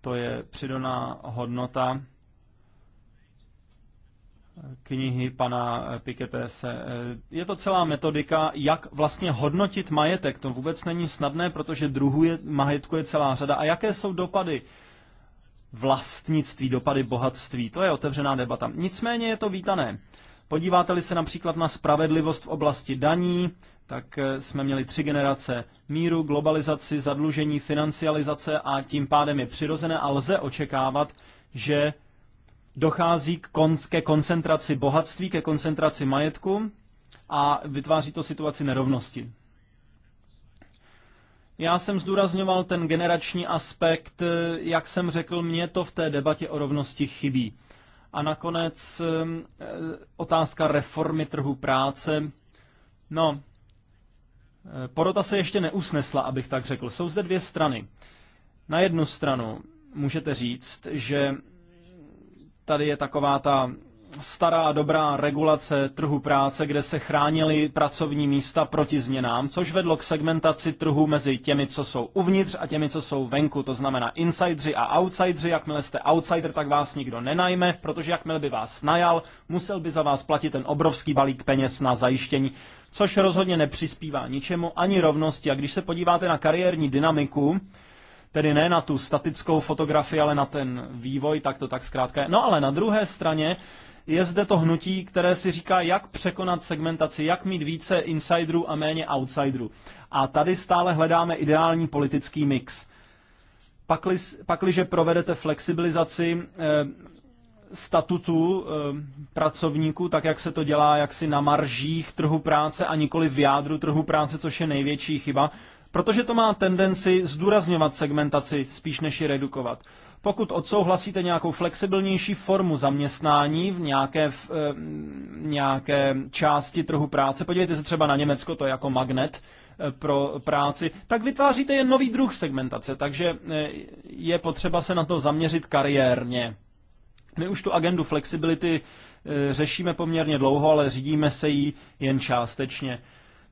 to je přidaná hodnota knihy pana Piketese. Eh, je to celá metodika, jak vlastně hodnotit majetek. To vůbec není snadné, protože druhů je, majetku je celá řada. A jaké jsou dopady vlastnictví, dopady bohatství? To je otevřená debata. Nicméně je to vítané. Podíváte-li se například na spravedlivost v oblasti daní, tak eh, jsme měli tři generace míru, globalizaci, zadlužení, financializace a tím pádem je přirozené a lze očekávat, že dochází k konc, ke koncentraci bohatství, ke koncentraci majetku a vytváří to situaci nerovnosti. Já jsem zdůrazňoval ten generační aspekt, eh, jak jsem řekl, mně to v té debatě o rovnosti chybí. A nakonec e, otázka reformy trhu práce. No, e, porota se ještě neusnesla, abych tak řekl. Jsou zde dvě strany. Na jednu stranu můžete říct, že tady je taková ta stará dobrá regulace trhu práce, kde se chránily pracovní místa proti změnám, což vedlo k segmentaci trhu mezi těmi, co jsou uvnitř a těmi, co jsou venku. To znamená insidři a outsidři. Jakmile jste outsider, tak vás nikdo nenajme, protože jakmile by vás najal, musel by za vás platit ten obrovský balík peněz na zajištění, což rozhodně nepřispívá ničemu ani rovnosti. A když se podíváte na kariérní dynamiku, tedy ne na tu statickou fotografii, ale na ten vývoj, tak to tak zkrátka je. No ale na druhé straně je zde to hnutí, které si říká, jak překonat segmentaci, jak mít více insiderů a méně outsiderů. A tady stále hledáme ideální politický mix. Pakli, pakliže provedete flexibilizaci eh, statutu eh, pracovníků, tak jak se to dělá jaksi na maržích trhu práce a nikoli v jádru trhu práce, což je největší chyba, protože to má tendenci zdůrazňovat segmentaci spíš než ji redukovat. Pokud odsouhlasíte nějakou flexibilnější formu zaměstnání v nějaké, eh, v, nějaké části trhu práce, podívejte se třeba na Německo, to je jako magnet eh, pro práci, tak vytváříte jen nový druh segmentace, takže eh, je potřeba se na to zaměřit kariérně. My už tu agendu flexibility řešíme poměrně dlouho, ale řídíme se jí jen částečně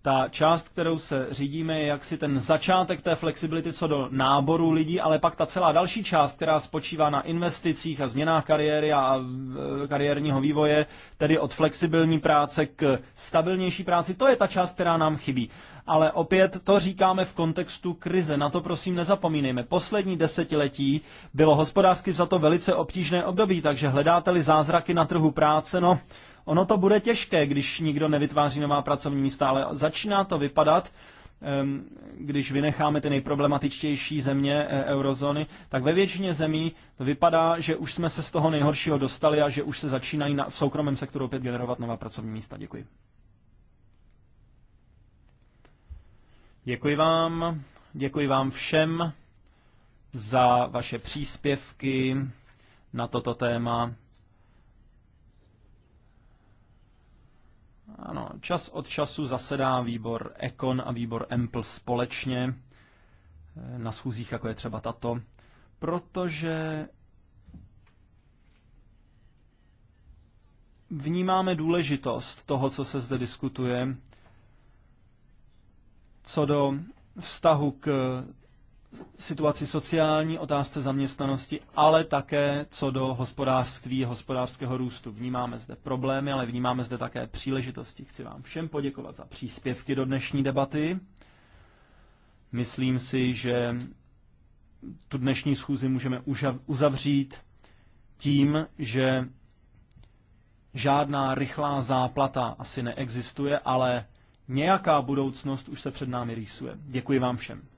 ta část, kterou se řídíme, je jaksi ten začátek té flexibility co do náboru lidí, ale pak ta celá další část, která spočívá na investicích a změnách kariéry a e, kariérního vývoje, tedy od flexibilní práce k stabilnější práci, to je ta část, která nám chybí. Ale opět to říkáme v kontextu krize, na to prosím nezapomínejme. Poslední desetiletí bylo hospodářsky za to velice obtížné období, takže hledáte-li zázraky na trhu práce, no Ono to bude těžké, když nikdo nevytváří nová pracovní místa, ale začíná to vypadat, když vynecháme ty nejproblematičtější země e, eurozóny, tak ve většině zemí to vypadá, že už jsme se z toho nejhoršího dostali a že už se začínají na, v soukromém sektoru opět generovat nová pracovní místa. Děkuji. Děkuji vám. Děkuji vám všem za vaše příspěvky na toto téma. Ano, čas od času zasedá výbor Ekon a výbor Empl společně eh, na schůzích, jako je třeba tato, protože vnímáme důležitost toho, co se zde diskutuje, co do vztahu k situaci sociální, otázce zaměstnanosti, ale také co do hospodářství, hospodářského růstu. Vnímáme zde problémy, ale vnímáme zde také příležitosti. Chci vám všem poděkovat za příspěvky do dnešní debaty. Myslím si, že tu dnešní schůzi můžeme uzavřít tím, že žádná rychlá záplata asi neexistuje, ale nějaká budoucnost už se před námi rýsuje. Děkuji vám všem.